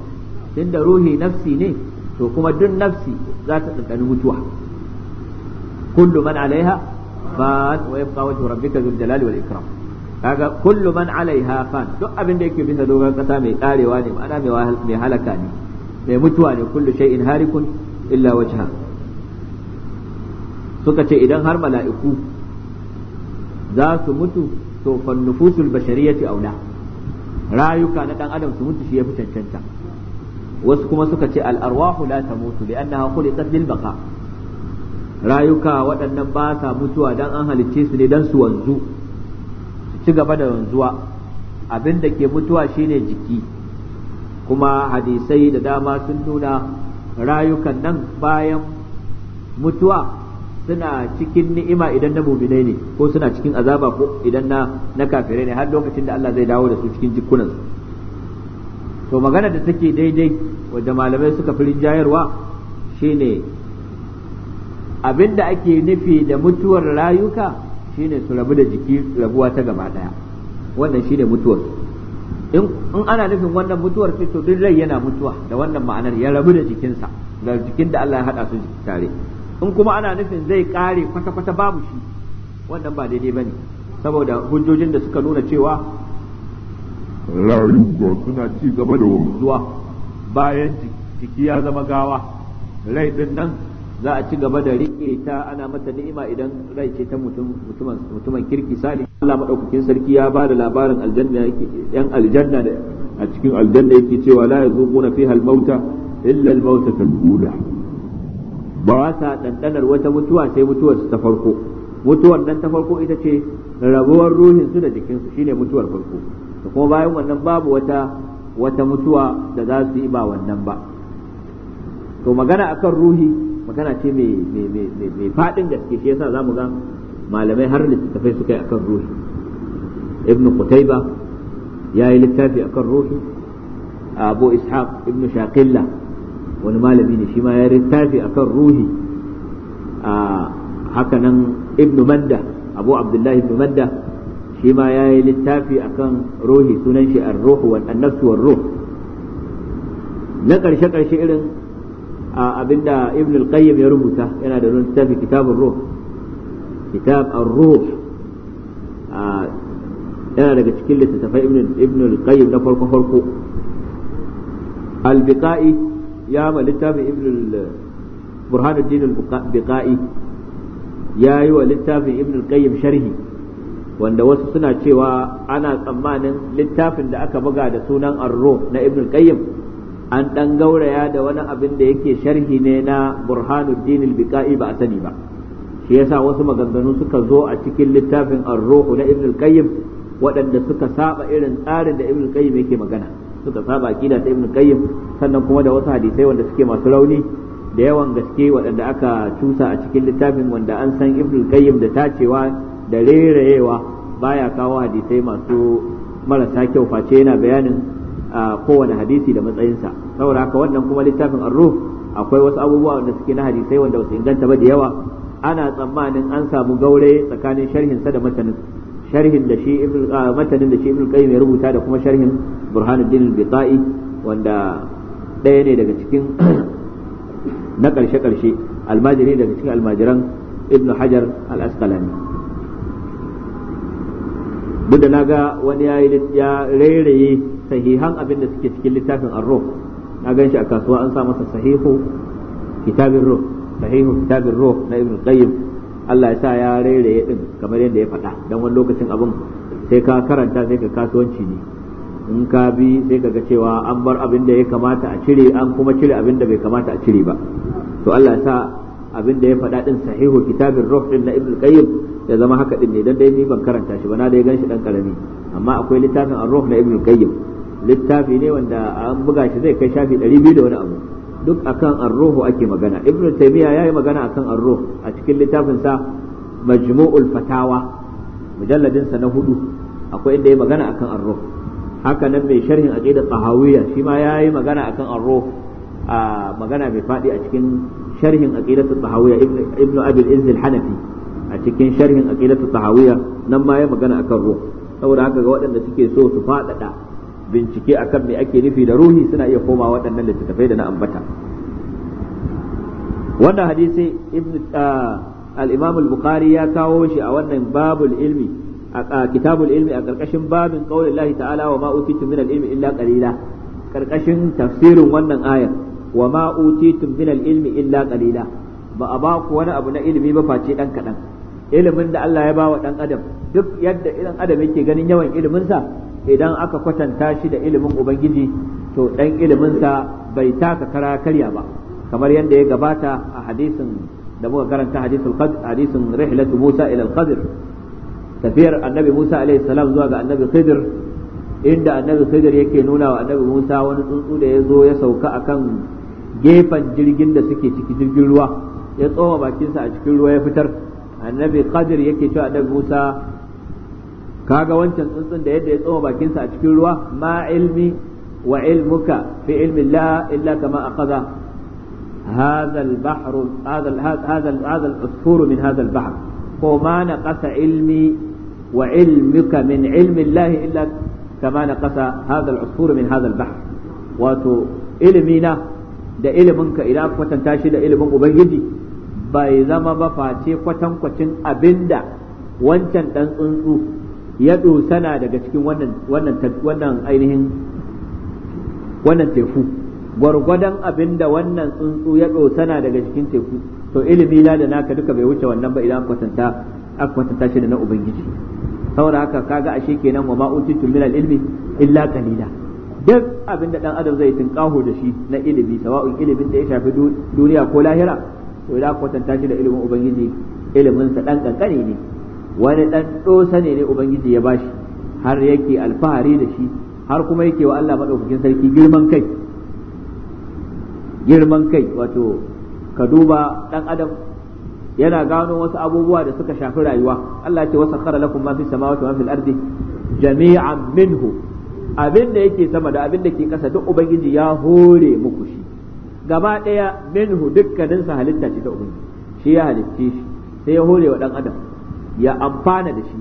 tunda ruhi nafsi ne to kuma duk nafsi za ta ɗanɗani mutuwa kullu man alaiha fan wa yabqa wajhu rabbika dhul jalali kaga kullu man alaiha fan duk abin da yake bisa dogon kasa mai karewa ne ma'ana mai halaka ne mai mutuwa ne kullu shay'in harikun illa wajha suka ce idan har mala'iku za su mutu to fa nufusul bashariyati aula rayuka na dan adam su mutu shi yafi cancanta wasu kuma suka ce al arwahu la tamutu li annaha khuliqat lil baqa' rayuka waɗannan ba sa mutuwa don an halicce su ne don su wanzu su ci gaba da wanzuwa abin da ke mutuwa shine jiki kuma hadisai da dama sun nuna rayukan nan bayan mutuwa suna cikin ni'ima idan na mubinai ne ko suna cikin azaba ko idan na na kafirai ne har lokacin da Allah zai dawo da su cikin jikunansu to magana da take daidai wadda malamai suka fi rinjayarwa shine Abin da ake nufi da mutuwar rayuka shine su rabu da jiki rabuwa ta gaba daya wannan shine mutuwar in ana nufin wannan mutuwar sai to duk rai yana mutuwa da wannan ma'anar ya rabu da jikinsa da jikin da Allah ya hada su tare in kuma ana nufin zai kare kwata kwata babu shi wannan ba daidai bane saboda hujjojin da suka nuna cewa rayuka suna ci gaba da wanzuwa bayan jiki ya zama gawa rai din nan za a ci gaba da riƙe ta ana mata ni'ima idan rai ce ta mutumin kirki sali Allah madaukakin sarki ya ba da labarin aljanna yake yan aljanna da a cikin aljanna yake cewa la yazuquna fiha al-mauta illa al-mauta al-ula ba sa dandanar wata mutuwa sai mutuwar ta farko mutuwar nan ta farko ita ce rabuwar ruhin su da jikin su shine mutuwar farko da kuma bayan wannan babu wata wata mutuwa da za su yi ba wannan ba to magana akan ruhi magana ce mai faɗin gaske shi yasa zamu ga malamai har littattafai suka yi akan ruhi ibn qutayba ya yi littafi akan ruhi abu ishaq ibn shaqilla wani malami ne shi ma ya littafi akan ruhi a haka nan ibn manda abu abdullahi ibn manda shi ma ya yi littafi akan ruhi sunan shi ar-ruhu wal an-nafs ruh na ƙarshe-ƙarshe irin abinda ibn al-qayyim ya rubuta yana da wani littafi kitabur ruh kitab ar-ruh yana daga cikin littattafai ibn al-qayyim na farko farko al-biqai ya ma littafin ibn burhanuddin al-biqai ya yi wa littafin ibn al-qayyim sharhi wanda wasu suna cewa ana tsammanin littafin da aka buga da sunan ar-ruh na ibn al-qayyim an ɗan gauraya da wani abin da yake sharhi ne na burhanuddin al-biqai ba a sani ba shi yasa wasu maganganu suka zo a cikin littafin ar-ruhu na ibn al-qayyim waɗanda suka saba irin tsarin da ibn al-qayyim yake magana suka saba akida ta ibn al-qayyim sannan kuma da wasu hadisai wanda suke masu rauni da yawan gaske waɗanda aka cusa a cikin littafin wanda an san ibn al-qayyim da tacewa da rerayewa baya kawo hadisai masu marasa kyau face yana bayanin kowane hadisi da matsayinsa saboda haka wannan kuma littafin ar akwai wasu abubuwa wanda suke na hadisai wanda wasu inganta ba da yawa ana tsammanin an samu gaure tsakanin sharhin sa da matanin sharhin da shi ibn matanin da shi ibn qayyim ya rubuta da kuma sharhin burhanuddin al-bitai wanda ɗaya ne daga cikin na karshe karshe almajiri daga cikin almajiran ibn hajar al-asqalani duk da naga wani ya rairaye sahihan abin da suke cikin littafin ar-ruh na gan shi a kasuwa an sa masa sahihu kitabin ruh sahihu kitabin ruh na ibn qayyim Allah ya sa ya rere din kamar yadda ya faɗa dan wani lokacin abin sai ka karanta sai ka kasuwanci ne in ka bi sai ka ga cewa an bar abin da ya kamata a cire an kuma cire abin da bai kamata a cire ba to Allah ya sa abin da ya faɗa din sahihu kitabin ruh din na ibn qayyim ya zama haka din ne dan dai ni ban karanta shi ba na dai gan shi dan karami amma akwai littafin ar-ruh na ibn qayyim littafi ne wanda an buga shi zai kai shafi 200 da wani abu duk akan arruhu ake magana ibn taymiya yayi magana akan arruh a cikin littafin sa majmu'ul fatawa mujalladin sa na hudu akwai inda yayi magana akan arruh haka nan mai sharhin aqidat tahawiyya shi ma yayi magana akan arruh a magana mai fadi a cikin sharhin aqidat tahawiyya ibn abi al-izz al-hanafi a cikin sharhin aqidat tahawiyya nan ma yayi magana akan ro saboda haka ga waɗanda suke so su faɗaɗa bincike akan me ake nufi da ruhi suna iya koma waɗannan littattafai da na ambata wannan hadisi ibn al-imam al-bukhari ya kawo shi a wannan babul ilmi a kitabul ilmi a karkashin babin qaulin ta'ala wa ma utitu min al-ilmi illa qalila karkashin tafsirin wannan ayar wa ma utitu min al-ilmi illa qalila ba a ba ku wani abu na ilimi ba face dan kadan ilimin da Allah ya bawa dan adam duk yadda idan adam yake ganin yawan iliminsa idan aka kwatanta shi da ilimin ubangiji to dan iliminsa bai taka kara karya ba kamar yadda ya gabata a hadisin da muka karanta hadisul qadr hadisin rihlatu Musa ila al-Qadr tafiyar annabi Musa alaihi salam zuwa ga annabi Khidr inda annabi Khidr yake nuna wa annabi Musa wani tsuntsu da ya zo ya sauka akan gefen jirgin da suke ciki jirgin ruwa ya tsoma bakinsa a cikin ruwa ya fitar annabi Qadir yake cewa annabi Musa kaga wancan tsuntsun da yadda ya tsoma bakinsa a cikin ruwa ma ilmi wa ilmuka fi ilmi la illa kama akhadha هذا البحر هذا هذا العصفور من هذا البحر وما نقص علمي وعلمك من علم الله الا كما نقص هذا العصفور من هذا البحر wato ilimina da iliminka idan aka kwatanta shi da ilimin ubangiji bai zama ba face kwatankwacin abinda wancan dan tsuntsu Yad'u sana daga cikin wannan ainihin wannan teku gwargwadon abinda wannan tsuntsu ya sana daga cikin teku to ilimi na da naka duka bai wuce wannan ba idan kwatanta aka kwatanta shi da na ubangiji saboda haka kaga ashe kenan wa ma'utitu min al-ilmi illa qalila duk abin da dan adam zai tinkaho da shi na ilimi sawa'un ilimin da ya shafi duniya ko lahira to idan kwatanta shi da ilimin ubangiji ilimin sa dan kankane ne wani dan dosa ne ne ubangiji ya bashi har yake alfahari da shi har kuma yake wa Allah madaukakin sarki girman kai girman kai wato ka duba dan adam yana gano wasu abubuwa da suka shafi rayuwa Allah ce wasakhara lakum ma fi samawati wa fil ardi jami'an minhu abin da yake sama da abin da ke kasa duk ubangiji ya hore muku shi gaba ɗaya minhu dukkanin sa halitta ce ta ubangiji shi ya halitta shi sai ya hore wa ɗan adam ya amfana da shi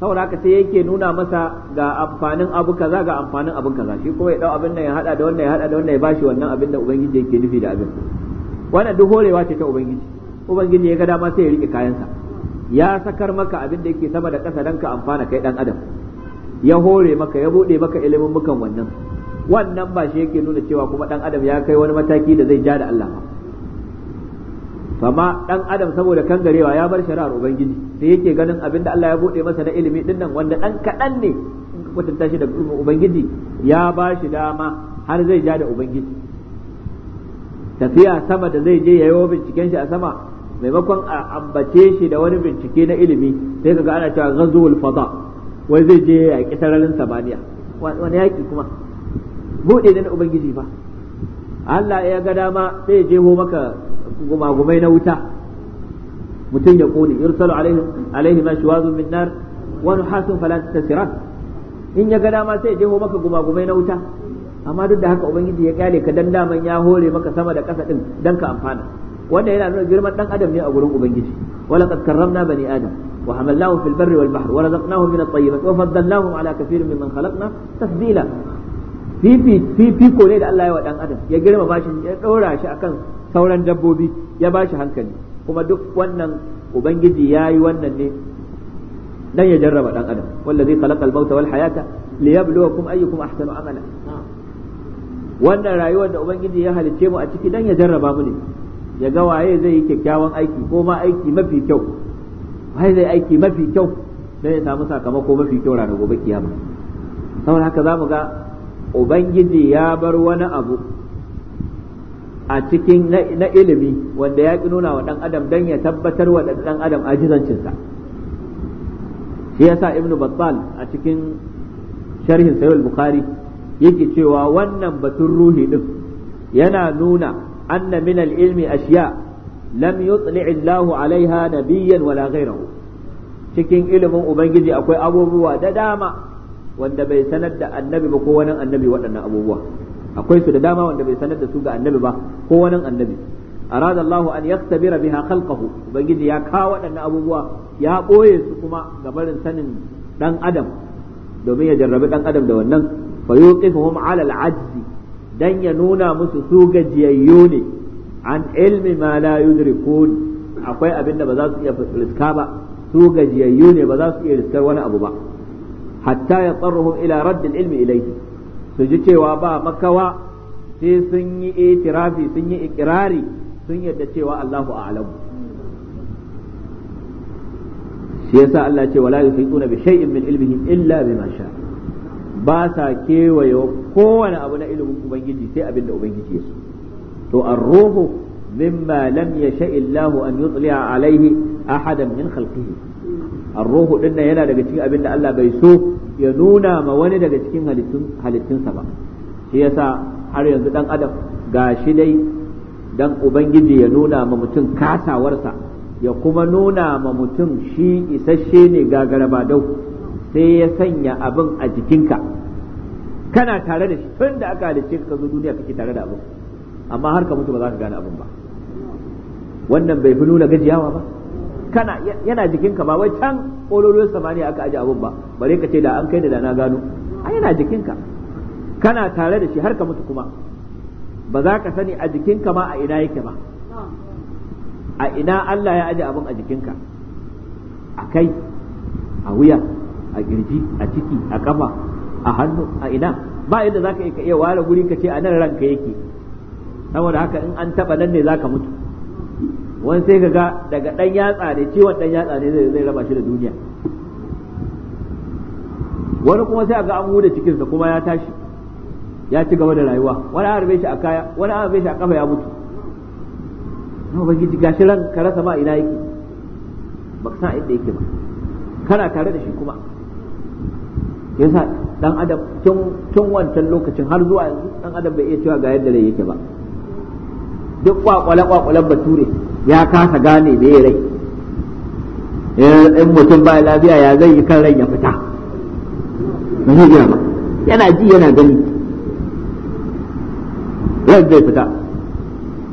saboda haka sai yake nuna masa ga amfanin abu kaza ga amfanin abin kaza shi kuma ya dau abin nan ya hada da wannan ya hada da wannan ya bashi wannan abin da ubangiji yake nufi da abin wannan duk horewa ce ta ubangiji ubangiji ya ga dama sai ya rike kayansa ya sakar maka abin da yake sama da kasa dan ka amfana kai dan adam ya hore maka ya bude maka ilimin mukan wannan wannan ba shi yake nuna cewa kuma dan adam ya kai wani mataki da zai ja da Allah ba kama dan adam saboda kangarewa ya bar shari'ar ubangiji sai yake ganin abinda Allah ya bude masa na ilimi din nan wanda dan kadan ne kwatanta shi da ubangiji ya ba shi dama har zai ja da ubangiji tafiya sama da zai je yayo binciken shi a sama maimakon a ambace shi da wani bincike na ilimi sai kaga ana cewa ghazwul fada wai zai je ya yaki sararin samaniya wani yaki kuma bude ne na ubangiji ba Allah ya ga dama sai je maka gumagumai na wuta mutum ya kone yursalu alaihim alaihim ashwazun min nar wa nuhasun fala tasiran in ya ga dama sai jeho maka gumagumai na wuta amma duk da haka ubangiji ya kyale ka dan daman ya hore maka sama da ƙasa din dan ka amfana Wannan yana nuna girman dan adam ne a gurin ubangiji wala qad karramna bani adam wa hamalnahum fil barri wal bahri wa razaqnahum min at-tayyibati wa faddalnahum ala kathirin mimman khalaqna tafdila fifi fifiko ne da Allah ya wa dan adam ya girma bashi ya dora shi akan sauran dabbobi ya ba shi hankali kuma duk wannan ubangiji ya yi wannan ne dan ya jarraba dan adam zai khalaqal mauta wal hayata liyabluwakum ayyukum ahsanu amala wannan rayuwar da ubangiji ya halicce mu a ciki dan ya jarraba mu ne ya ga waye zai yi kyakkyawan aiki ko ma aiki mafi kyau waye zai aiki mafi kyau dan ya samu sakamako mafi kyau ranar gobe kiyama saboda haka zamu ga ubangiji ya bar wani abu a cikin na ilimi wanda ya ki nuna wa ɗan adam dan ya tabbatar wa ɗan adam ajizancinsa shi yasa ibnu battal a cikin sharhin sahih al-bukhari yake cewa wannan batun ruhi din yana nuna anna min al-ilmi ashiya lam yutli' Allah 'alaiha nabiyyan wala ghayrahu cikin ilimin ubangiji akwai abubuwa da dama wanda bai sanar da annabi ba ko wani annabi waɗannan abubuwa akwai su da dama wanda bai sanar da su ga annabi ba ko wani annabi arada Allahu an yaktabira biha khalqahu ubangiji ya kawo waɗannan abubuwa ya boye su kuma ga sanin dan adam domin ya jarrabi dan adam da wannan fa yuqifuhum ala al-ajzi dan ya nuna musu su gajiyayyo ne an ilmi ma la yudrikun akwai abin da ba za su iya riska ba su gajiyayyo ne ba za su iya riskar wani abu ba hatta ya tsarruhum ila raddin ilmi ilayhi su ji cewa ba makawa sai sun yi itirafi sun yi ikirari sun yadda cewa Allahu a'lamu shi yasa Allah ce wala yuhituna bi shay'in min ilmihi illa bima sha ba sa kewaye kowane abu na ilimin ubangiji sai abin da ubangiji ya so to ar-ruhu mimma lam yasha Allahu an yutli'a alaihi ahadan min khalqihi ar-ruhu din yana daga cikin abin da Allah bai so ya nuna ma wani daga cikin halittunsa ba shi yasa har yanzu dan adam ga shi dai dan ubangiji ya nuna ma mutum kasawarsa ya kuma nuna ma mutum shi isasshe ne gagara dau sai ya sanya abin a jikinka kana tare da shi tun da aka halicce ka zo duniya kake tare da abin amma har ka mutu ba za ka gane abin ba wannan bai fi nuna gajiyawa ba kana yana jikinka ba wai can ƙololuwar samaniya aka aje abun ba bare ka ce da an kai da na gano a yana jikinka kana tare da shi har ka mutu kuma ba za ka sani a jikinka ma a ina yake ba a ina Allah ya aje abun a jikinka a kai a wuya a girji a ciki a kafa a hannu a ina ba yadda za ka iya ware guri ka ce a nan ranka yake saboda haka in an taba nan ne za ka mutu wani sai ga daga ɗan yatsa ne ciwon ɗan yatsa ne zai raba shi da duniya wani kuma sai a ga an huda cikinsa kuma ya tashi ya ci gaba da rayuwa wani an harbe shi a kaya wani an harbe shi a kafa ya mutu kuma ba gidi gashi ran ka rasa ma ina yake ba ka san inda yake ba kana tare da shi kuma yasa dan adam tun tun wancan lokacin har zuwa yanzu dan adam bai iya cewa ga yadda rai yake ba duk kwakwale kwakwalen bature ya kasa gane me rai eh, in mutum ba lafiya ya zai yi kan rai ya fita ba zai ba yana ji yana gani rai zai fita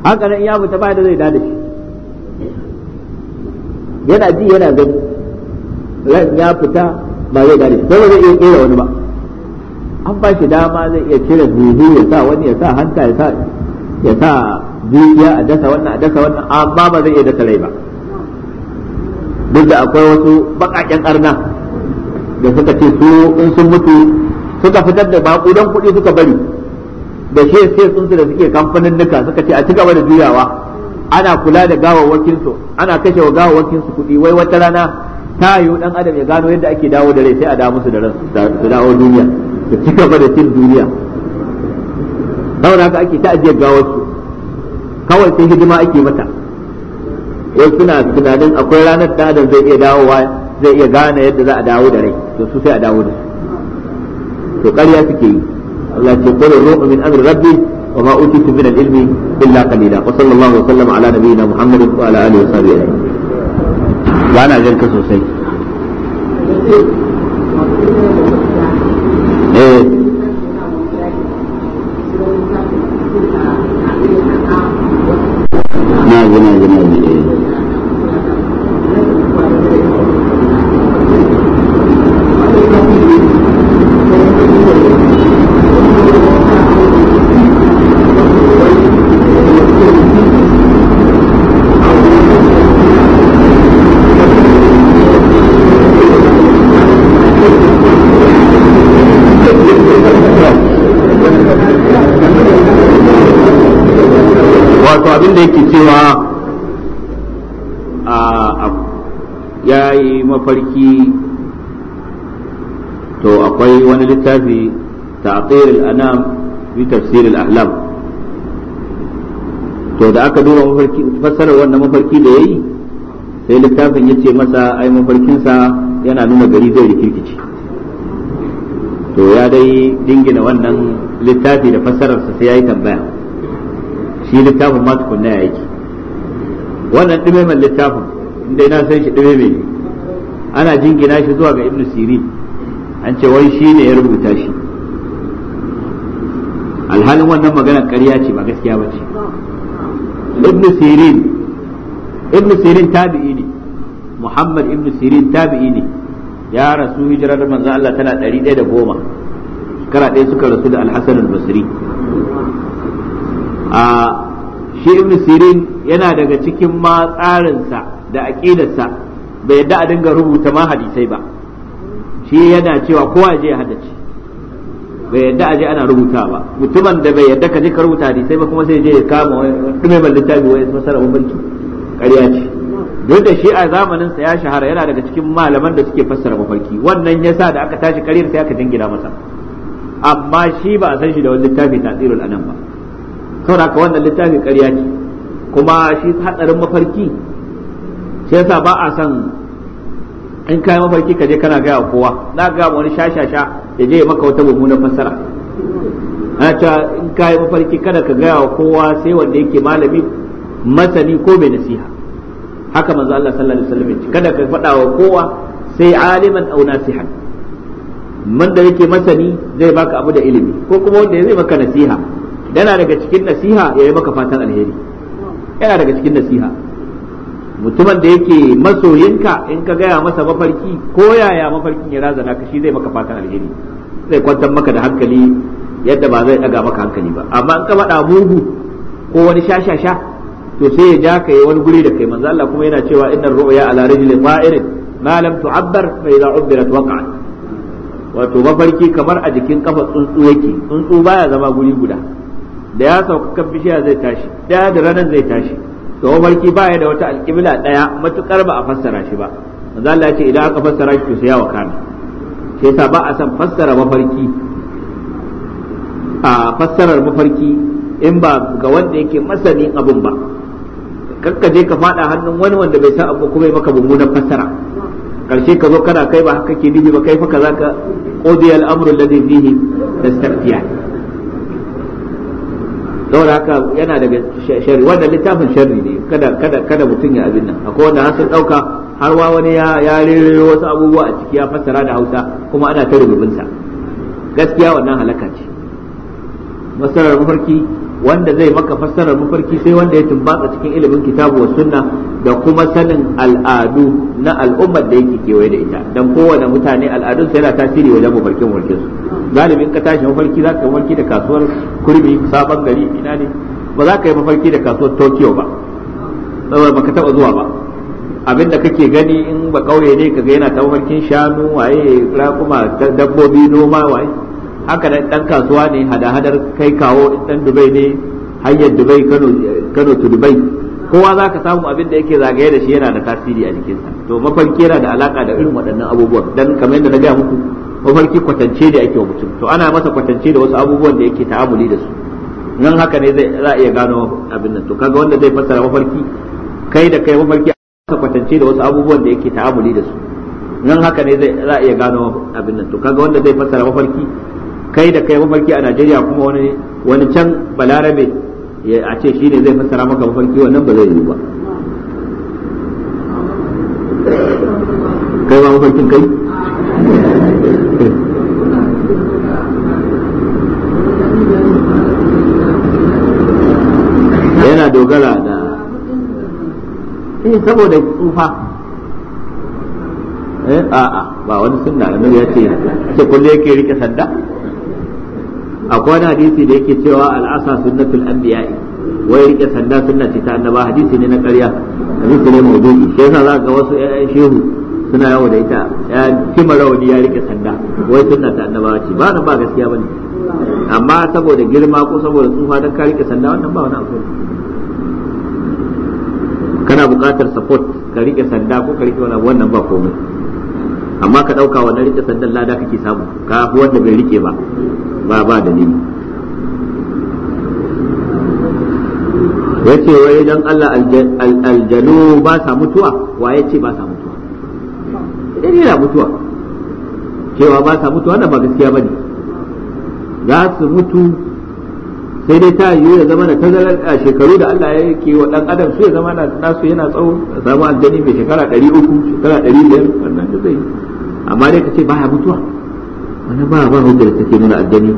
haka nan ya fita ba da zai dada shi yana ji yana gani ran ya fita ba zai gane shi zai iya kera wani ba an ba shi dama zai iya cire buhu ya sa wani ya sa hanta ya sa ya sa zuciya a dasa wannan a dasa wannan amma ba zai iya dasa rai ba duk da akwai wasu bakaken arna da suka ce su in sun mutu suka fitar da bakudan kuɗi suka bari da shi sai sun su da suke kamfanin nuka suka ce a ci gaba da juyawa ana kula da gawawakin su ana kashe wa gawawakin su kuɗi wai wata rana ta yiwu dan adam ya gano yadda ake dawo da rai sai a da musu da ran dawo duniya su ci gaba da cin duniya saboda haka ake ta ajiyar gawar kawai sai hidima ake mata wai suna tunanin akwai ranar da adam zai iya dawowa zai iya gane yadda za a dawo da rai to su sai a dawo da su to ƙarya suke yi Allah ce qul ruhu min amri rabbi wa ma utitu min al-ilmi illa qalila wa sallallahu wa sallama ala nabiyyina muhammad wa ala alihi wa sahbihi ajma'in ba na sosai eh wani littafi ta'qir al-anam bi tafsir al-ahlam to da aka duba mafarki fassarar wannan mafarki da yayi sai littafin ya ce masa ai mafarkinsa yana nuna gari zai rikirkici to ya dai dingina wannan littafi da fassararsa sai ya yi tambaya shi littafin ma tukunna ya yake wannan ɗumemen littafin inda na san shi ɗumeme ne ana jingina shi zuwa ga ibnu sirin an ce wai shi ne ya rubuta shi alhalin wannan maganar karya ce ba gaskiya ba ce ibn sirin ibn sirin tabi'i ne muhammad ibn sirin tabi'i ne ya rasu hijirar manzo Allah tana 110 shekara ɗaya suka rasu da alhassan al-basri a shi ibn sirin yana daga cikin ma tsarinsa da aƙidarsa bai yadda a dinga rubuta ma hadisai ba shi yana cewa kowa je ya haddace bai yadda aje ana rubuta ba mutumin da bai yadda ka je ka rubuta sai ba kuma sai je ya kama dume mai littafi wai masara mulki ƙarya ce duk da shi a zamanin sa ya shahara yana daga cikin malaman da suke fassara mafarki wannan yasa da aka tashi ƙaryar sai aka jingina masa amma shi ba a san shi da wani littafi tasirul anan ba saboda haka wannan littafi ƙarya ce kuma shi hadarin mafarki shi yasa ba a san in kai mafarki ka je kana gaya wa kowa za ka ga wani shashasha ya je maka wata mummunar fassara ana cewa in kai mafarki kada ka gaya wa kowa sai wanda yake malami masani ko mai nasiha haka manzo Allah sallallahu alaihi wasallam kada ka faɗa wa kowa sai aliman aw nasihan man da yake masani zai baka abu da ilimi ko kuma wanda zai maka nasiha yana daga cikin nasiha ya yi maka fatan alheri yana daga cikin nasiha mutumin da yake masoyinka in ka gaya masa mafarki ko yaya mafarkin ya razana ka shi zai maka fatan alheri zai kwantar maka da hankali yadda ba zai daga maka hankali ba amma in ka faɗa mugu ko wani sha to sai ya ja ka yi wani guri da kai manzo Allah kuma yana cewa innar ru'ya ala rajuli ta'irin ma lam tu'abbar fa idha ubirat waqa'at wato mafarki kamar a jikin kafa tsuntsu yake tsuntsu baya zama guri guda da ya sauka kan bishiya zai tashi da da ranar zai tashi to mafarki ba ya da wata alƙibla ɗaya matuƙar ba a fassara shi ba manzo Allah ya ce idan aka fassara shi to sai ya kana sai ta ba a san fassara mafarki a fassarar mafarki in ba ga wanda yake masani abin ba karka je ka faɗa hannun wani wanda bai san abu kuma ya maka mummunan fassara karshe ka zo kana kai ba haka ke nibi ba kai fa kaza ka qudi al-amru alladhi fihi tastaqtiyan saboda haka yana daga sharri wanda littafin sharri ne kada kada kada mutum ya abin nan akwai wanda har sun dauka har wani ya ya rere wasu abubuwa a ciki ya fassara da Hausa kuma ana ta rububin gaskiya wannan halaka ce masarar mafarki wanda zai maka fassarar mafarki sai wanda ya tumbatsa cikin ilimin kitabu wa sunna da kuma sanin al'adu na al'ummar da yake kewaye da ita dan kowane mutane al'adun sai yana tasiri wajen mafarkin mulkin su galibin ka tashi mafarki za ka mafarki da kasuwar kurmi sabon gari ina ne ba za ka yi mafarki da kasuwar tokyo ba ba ka taba zuwa ba abinda kake gani in ba kauye ne kaga yana ta mafarkin shanu waye kuma dabbobi noma waye haka nan dan kasuwa ne hada-hadar kai kawo dan dubai ne hayyar dubai kano to dubai kowa za ka samu abin da yake zagaye da shi yana da tasiri a jikinsa to mafarki yana da alaka da irin waɗannan abubuwan dan kamar yadda na gaya muku mafarki kwatance ne ake wa mutum to ana masa kwatance da wasu abubuwan da yake ta'amuli da su nan haka ne za a iya gano abin nan to kaga wanda zai fassara mafarki kai da kai mafarki masa kwatance da wasu abubuwan da yake ta'amuli da su nan haka ne za a iya gano abin nan to kaga wanda zai fassara mafarki kai da kai mafarki a Najeriya kuma wani wani can balarabe a ce shi ne zai fassara maka mafarki wannan ba zai yi ba kai ba mafarkin kai yana dogara da eh saboda tsufa eh a'a ba wani sunna nuna ya ce ce kullu yake rike sanda akwai wani hadisi da yake cewa al'asa sunnatul anbiya wai rike sanda sunna ce ta annaba hadisi ne na ƙarya hadisi ne maudu'i shi yasa za ga wasu ƴaƴan shehu suna yawo da ita ya kima rawani ya rike sanda wai sunna ta annaba ce ba nan ba gaskiya bane amma saboda girma ko saboda tsufa dan ka rike sanda wannan ba wani abu kana buƙatar support ka rike sanda ko ka rike wani wannan ba komai amma ka dauka wannan rike sandan lada kake samu ka wanda bai rike ba ba ba ni yace wai dan Allah aljanu ba sa mutuwa wa yace ba sa mutuwa idan yana mutuwa cewa ba sa mutuwa da ba gaskiya bane za su mutu sai dai ta yiwu ya zama da tazarar a shekaru da Allah ya ke wa dan adam su ya zama na nasu yana tsawo a samu aljani mai shekara 300 shekara 500 wannan da zai amma dai ka ce baya mutuwa wani ba ba hujja da take nuna aljani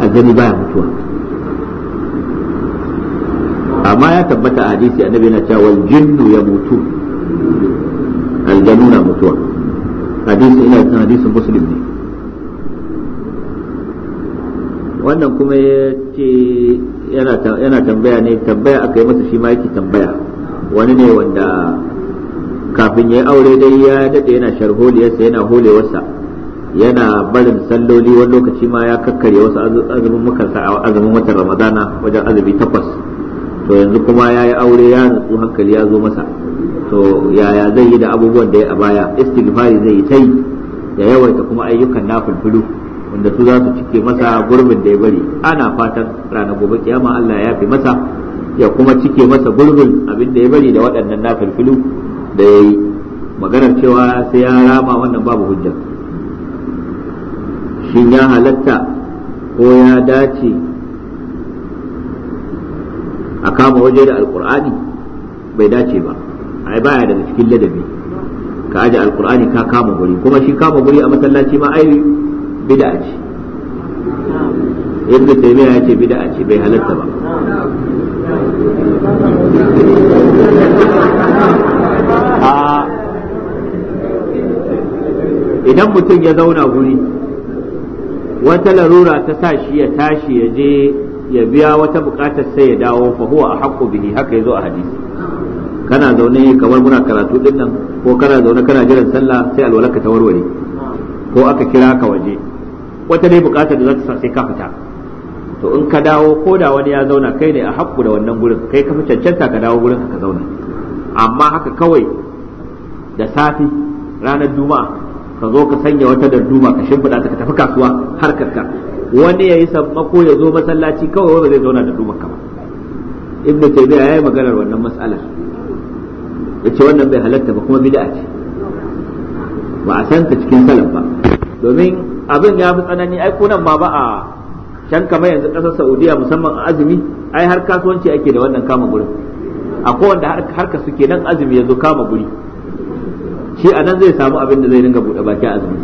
aljani baya mutuwa amma ya tabbata a hadisi annabi yana cewa wal jinnu ya mutu aljanu na mutuwa hadisi ina cikin hadisin muslim ne wannan kuma ya ce yana tambaya ne tambaya aka yi masa shi ma yake tambaya wani ne wanda kafin ya yi aure dai ya daɗe yana sharholiyarsa yana holewarsa yana barin salloli wani lokaci ma ya kakkarya wasu azumin mukansa a azumin watan ramadana wajen azumi takwas to yanzu kuma ya yi aure ya nutsu hankali ya zo masa to yaya zai yi da abubuwan da ya a baya istighfari zai yi ta yi ya yawaita kuma ayyukan nafulfulu wanda su za su cike masa gurbin da ya bari ana fatan rana gobe kiyama Allah ya fi masa ya kuma cike masa gurbin abin da ya bari da waɗannan nafulfulu da ya yi maganar cewa sai ya rama wannan babu hujja shi ya halatta ko ya dace a kama waje da alkur'ani bai dace ba ai baya daga cikin ladabi ka aji alkur'ani ka kama guri kuma shi kama guri a masallaci ma ai bid'a ce yadda taymiya ya ce bid'a ce bai halatta ba idan mutum ya zauna guri wata larura ta sa shi ya tashi ya je ya biya wata bukatar sai ya dawo fa huwa a haƙƙo bihi haka ya zo a hadisi kana zaune kamar muna karatu din nan ko kana zaune kana jiran sallah sai alwalaka ta warware ko aka kira ka waje wata dai bukatar da za ta sa sai ka fita to in ka dawo ko da wani ya zauna kai ne a haƙƙu da wannan gurin kai ka fi cancanta ka dawo gurin ka zauna amma haka kawai da safi ranar juma'a ka zo ka sanya wata darduma ka shimfiɗa ta ka tafi kasuwa harkar ka wani yayi sammako ya zo masallaci kawai wanda zai zauna da dumar ka ba ibnu ya yayi maganar wannan Ya yace wannan bai halatta ba kuma bid'a ce ba a san ta cikin salaf ba domin abin ya fi tsanani ai kunan ma ba a can kamar yanzu kasar Saudiya musamman azumi ai har kasuwanci ake da wannan kama gurin akwai wanda harka suke nan azumi ya zo kama guri shi a nan zai samu abin da zai ringa buɗe baki a zuwa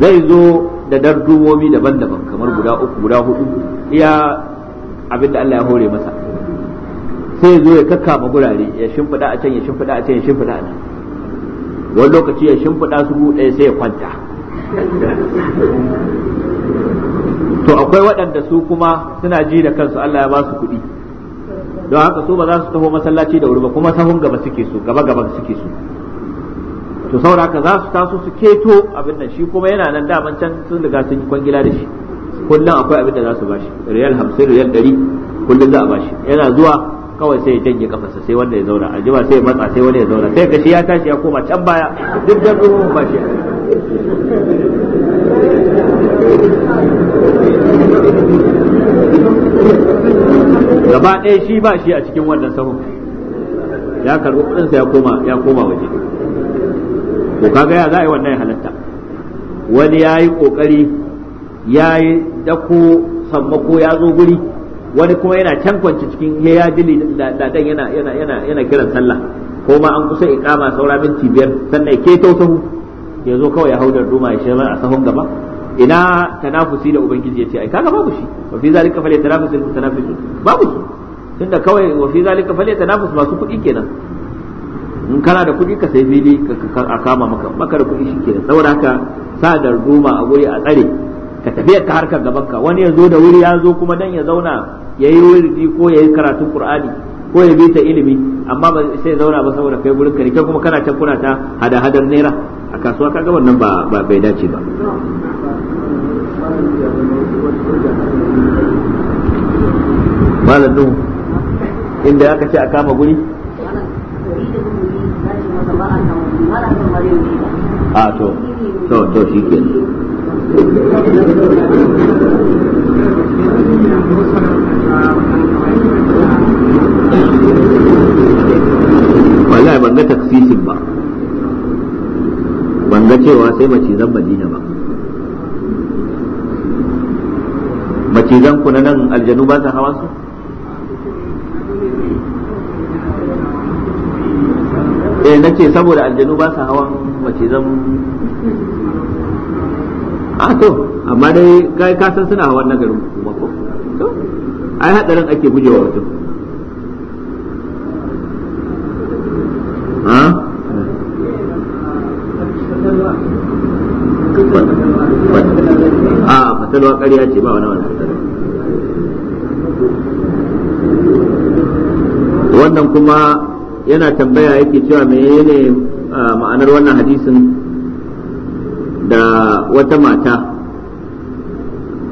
zai zo da dardumomi daban-daban kamar guda uku guda hudu iya abin da Allah ya hore masa sai zo ya kakkama gurare ya shimfiɗa a can ya shimfiɗa a can ya shimfiɗa a can wani lokaci ya shimfiɗa su buɗe sai ya kwanta to akwai waɗanda su kuma suna ji da kansu Allah ya ba su kuɗi don haka su ba za su taho masallaci da wuri ba kuma sahun gaba suke so gaba gaba suke so to saboda haka za su taso su keto abin nan shi kuma yana nan daman can sun riga sun yi kwangila da shi kullum akwai abin da za su bashi riyal hamsin riyal 100 kullum za a bashi yana zuwa kawai sai ya janye kafarsa sai wanda ya zauna a jima sai ya matsa sai wani ya zauna sai gashi ya tashi ya koma can baya duk da ruhun ba shi gaba ɗaya shi ba shi a cikin wannan sahun ya karɓi kuɗinsa ya koma ya koma waje Ko kaga ya za a yi wannan halatta wani ya yi ƙoƙari ya yi dako sammako ya zo guri wani kuma yana can kwance cikin ya ya dili yana yana yana yana kiran sallah ko ma an kusa iqama saura minti biyar sannan ke keto sahu ya zo kawai ya haudar duma ya shirma a sahun gaba ina tanafusi da ubangiji yace ai kaga babu shi wa fi zalika fali yatanafasu al mutanafisun babu shi tunda kawai wa fi zalika fali tanafus masu kuɗi kenan in kana da kuɗi ka sai fili a kama maka maka da kuɗi shikenan saboda haka sa da goma a guri a tsare ka tafi ka harkar gaban ka wani ya zo da wuri ya zo kuma dan ya zauna ya yi wurdi ko ya yi karatun qur'ani ko ya bi ta ilimi amma ba sai zauna ba saboda kai gurin ka ne kai kuma kana can kuna ta hada hadar naira a kasuwa kaga wannan ba bai dace ba malam inda aka ce a kama guri a to to to shi ke wallahi ban ga taksisin ba ban ga cewa sai mace zan madina ba macizan ku na nan aljanu ba sa hawa su eh ce saboda aljanu ba sa hawan macizan a to amma dai kai ka san suna hawan garin kuma ko to ai hadarin ake gujewa mutum ha ah? a fatalwa ƙarya ce ba wani wani wannan kuma yana tambaya yake cewa menene ah, ma'anar wannan hadisin da wata mata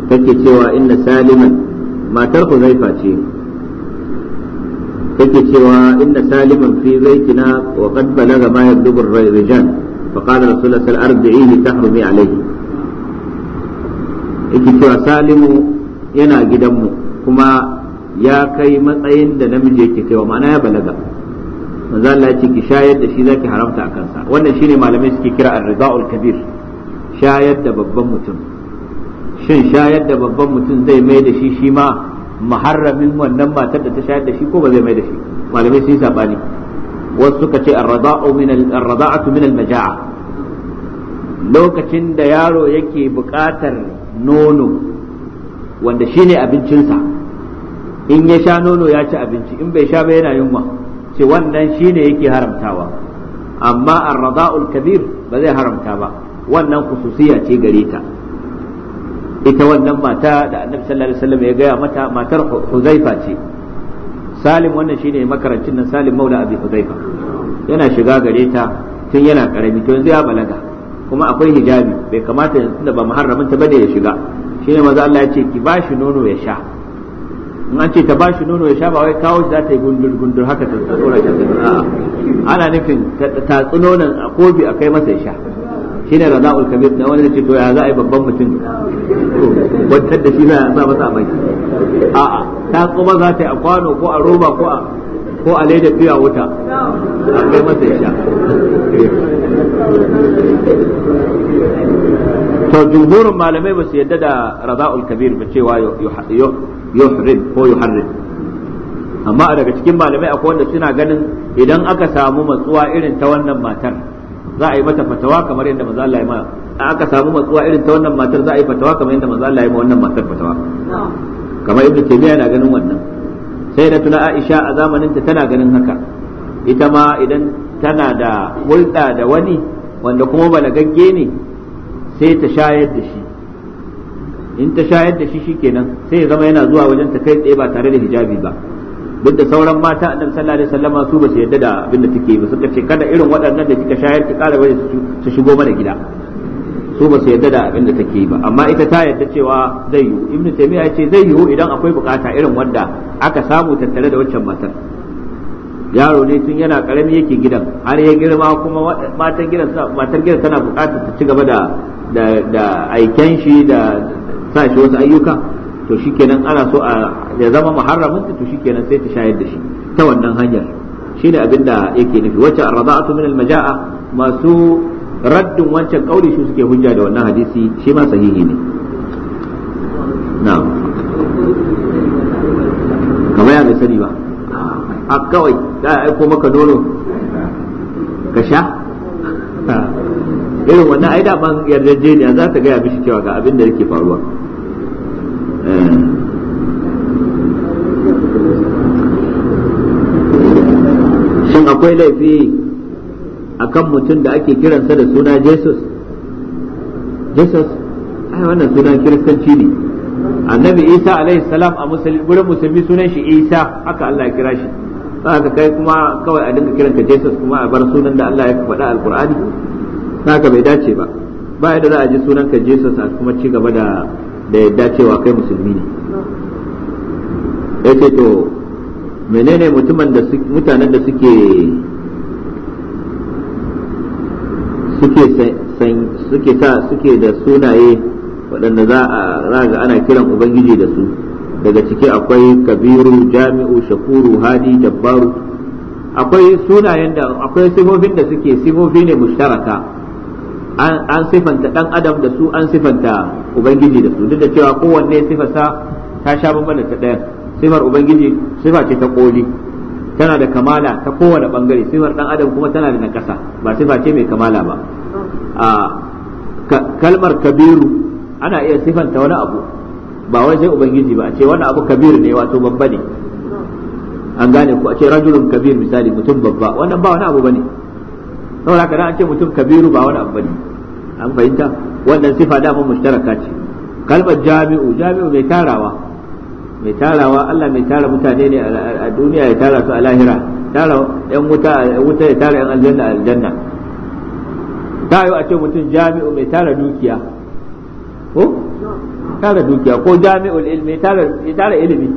take cewa inna saliman matar huzaifa ce take cewa inna saliman fi baitina wa qad balaga ma yabdubu ar-rijal fa qala rasulullah sallallahu alaihi wasallam tahrumi alaihi yake cewa salimu yana gidanmu kuma ya kai matsayin da namiji yake kaiwa ma'ana ya balaga manzo Allah ya ki shayar da shi zaki haramta a kansa wannan shine malamai suke kira ar-rida'ul kabir shayar da babban mutum shin shayar da babban mutum zai mai da shi shi ma muharramin wannan matar da ta shayar da shi ko ba zai mai da shi malamai sun sabani wasu suka ce ar-rida'u min ar-rida'atu min al-maja'a lokacin da yaro yake buƙatar nono wanda shine abincinsa in ya sha nono ya ci abinci in bai sha ba yana yunwa ce wannan shine yake haramtawa amma ar-rada'ul kabir ba zai haramta ba wannan kususiya ce gare ta ita wannan mata da annabi sallallahu alaihi wasallam ya gaya mata matar Huzaifa ce Salim wannan shine makarancin nan Salim Maula Abi Huzaifa yana shiga gare ta tun yana karami to yanzu ya balaga kuma akwai hijabi bai kamata yanzu da ba muharramin ta bane ya shiga shine maza Allah ya ce ki bashi nono ya sha an ce ta bashi nono ya sha ba wai kawo shi za ta yi gundur gundur haka ta tsora ta a ana nufin ta nonon a kofi a kai masa ya sha ne raza ulkabir da wani ce to ya za a yi babban mutum wancan da shi za a sa masa a baki a'a ta tsoma za ta yi a kwano ko a roba ko a ko a leda fiya wuta a kai masa ya sha to jumhurin malamai ba su yadda da raza'ul kabir ba cewa yuhrim ko yuharrim amma daga cikin malamai akwai wanda suna ganin idan aka samu matsuwa irin ta wannan matar za a yi mata fatawa kamar yadda maza Allah ya ma aka samu matsuwa irin ta wannan matar za a yi fatawa kamar yadda maza Allah ya ma wannan matar fatawa kamar ibnu taymiya yana ganin wannan sai da tuna Aisha a zamanin ta tana ganin haka ita ma idan tana da hulɗa da wani wanda kuma balagagge ne sai ta shayar da shi in ta shayar da shi shikenan sai ya zama yana zuwa wajen ta kai tsaye ba tare da hijabi ba duk da sauran mata annabi sallallahu alaihi wasallama su ba su yarda da abin da take ba suka ce kada irin waɗannan da kika shayar ki ƙara waje su shigo mana gida su ba su yarda da abin da take ba amma ita ta yarda cewa zai yiwu ibnu taymiya ya ce zai yiwu idan akwai bukata irin wanda aka samu tattare da waccan matar yaro ne tun yana karami yake gidan har ya girma kuma matar gidan matar gidan tana bukatar ta ci gaba da da aiken shi da sa shi wasu ayyuka to shikenan ana so a ya zama muharramin to shikenan sai ta shayar da shi ta wannan hanyar shine abin da yake nufi wacce arda'atu min almaja'a masu raddin wancan kauri shi suke hujja da wannan hadisi shi ma sahihi ne na'am kamar ya sani ba a kawai ta aiko maka nono ka sha irin wannan ai daman yarjejeniya za ta gaya mishi cewa ga abin da yake faruwa eh. shin akwai laifi a kan mutum da ake kiransa da suna jesus jesus ai wannan sunan kiristanci ne annabi isa alaihi salam a musulmi musulmi sunan shi isa haka allah ya kira shi haka kai kuma kawai a dinka kiranka Jesus kuma a bar sunan da Allah ya faɗa alqur'ani haka bai dace ba ba yadda za a ji sunan ka Jesus a kuma ci gaba da da yadda cewa kai musulmi ne yace to menene mutumin da mutanen da suke suke suke ta suke da sunaye waɗanda za a raga ana kiran ubangiji da su daga ciki akwai kabiru jami'u shakuru hadi Dabbaru akwai sunayen da akwai sifofin da suke sifofi ne mushtaraka an sifanta dan adam da su an sifanta ubangiji da su duk da cewa kowanne sifarsa ta sha bambanta ta ɗaya sifar ubangiji sifa ce ta koli tana da kamala ta kowane bangare sifar dan adam kuma tana da nakasa ba sifa ce mai kamala ba a kalmar kabiru ana iya sifanta wani abu ba wai sai ubangiji ba a ce wannan abu kabir ne wato babba ne an gane ku a ce rajulun kabir misali mutum babba wannan ba wani abu bane saboda haka dan an ce mutum kabiru ba wani abu bane an fahimta wannan sifa da mun mushtaraka ce kalmar jami'u jami'u mai tarawa mai tarawa Allah mai tara mutane ne a duniya ya tara su a lahira tara yan wuta wuta ya tara yan aljanna a aljanna ta yi a ce mutum jami'u mai tara dukiya ko tara dukiya ko jami'ul ilmi tara ilimi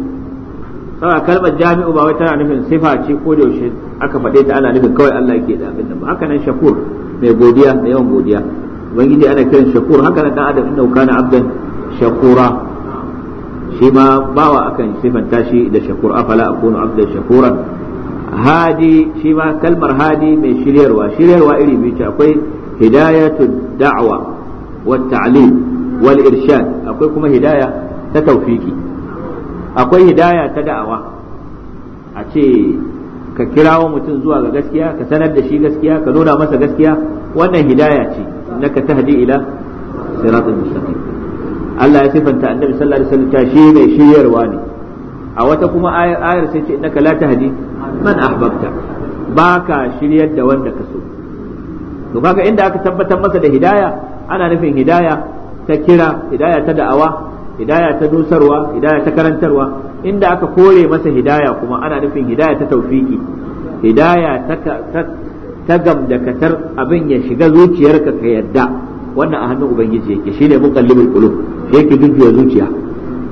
sama kalmar jami'u ba wai tana nufin sifa ce ko da yaushe aka faɗe ta ana nufin kawai Allah yake da abin nan ba haka nan shakur mai godiya mai yawan godiya ubangiji ana kiran shakur haka nan dan adam inna kana abdan shakura shi ma bawa akan sifanta shi da shakur afala akunu abdan shakuran hadi shi ma kalmar hadi mai shiryarwa shiryarwa iri biyu ce akwai hidayatu da'wa wa ta'lim wal irshad akwai kuma hidaya ta tawfiki akwai hidaya ta da'awa a ce ka kirawo mutum zuwa ga gaskiya ka sanar da shi gaskiya ka nuna masa gaskiya wannan hidaya ce naka tahdi ila siratal mustaqim Allah ya sifanta annabi sallallahu alaihi wasallam shi mai shiryarwa ne a wata kuma ayar sai ce innaka la tahdi man ahbabta baka shiryar da wanda ka so to kaga inda aka tabbatar masa da hidaya ana nufin hidaya ta kira hidaya ta da'awa hidaya ta dusarwa hidaya ta karantarwa inda aka kore masa hidaya kuma ana nufin hidaya ta taufiki hidaya ta gamdakatar abin ya shiga zuciyarka ka yadda wannan a hannun ubangiji yake shine muqallibul qulub yake jujjuya zuciya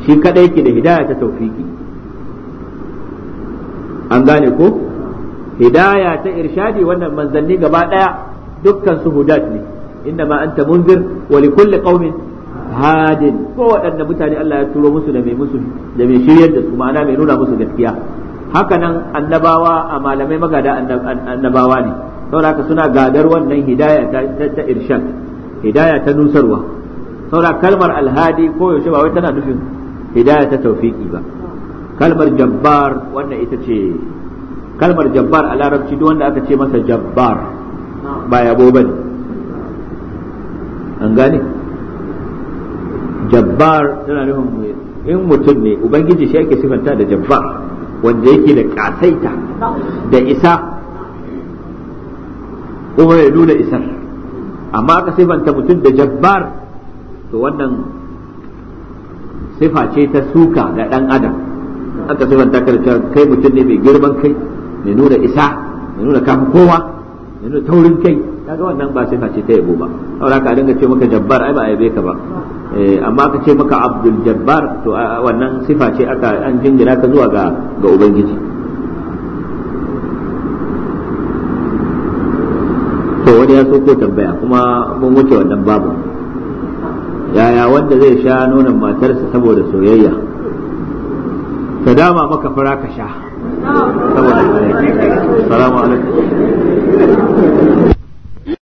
shi kadai yake da hidaya ta taufiki an gane ko hidaya ta irshadi wannan manzanni gaba daya dukkan su hudat ne innama anta munzir wa li kulli qaumin hadin ko waɗanda mutane Allah ya turo musu da mai musu da mai shiryar da su ma'ana mai nuna musu gaskiya hakanan annabawa a malamai magada annabawa ne saboda suna gadar wannan hidaya ta irshad hidaya ta nusarwa saboda kalmar alhadi ko yaushe ba wai tana nufin hidaya ta tawfiki ba kalmar jabbar wannan ita ce kalmar jabbar a larabci duk wanda aka ce masa jabbar ba yabo bane an gane jabbar tana nufin in mutum ne ubangiji shi yake sifanta da jabbar wanda yake da kasaita da isa kuma ya nuna isar amma aka sifanta mutum da jabbar to wannan sifa ce ta suka ga dan adam aka sifanta ka da kai mutum ne mai girman kai mai nuna isa mai nuna kafin kowa mai nuna taurin kai kaga wannan ba sifa ce ta yabo ba saboda ka dinga ce maka jabbar ai ba a yabe ka ba eh, amma ka ce maka abdul jabbar to wannan sifa ce aka an jingina ka zuwa ga ga ubangiji to wani ya so ko tambaya kuma mun wuce wannan babu yaya wanda zai sha nonon matarsa saboda soyayya ta dama maka fara ka sha saboda salamu alaikum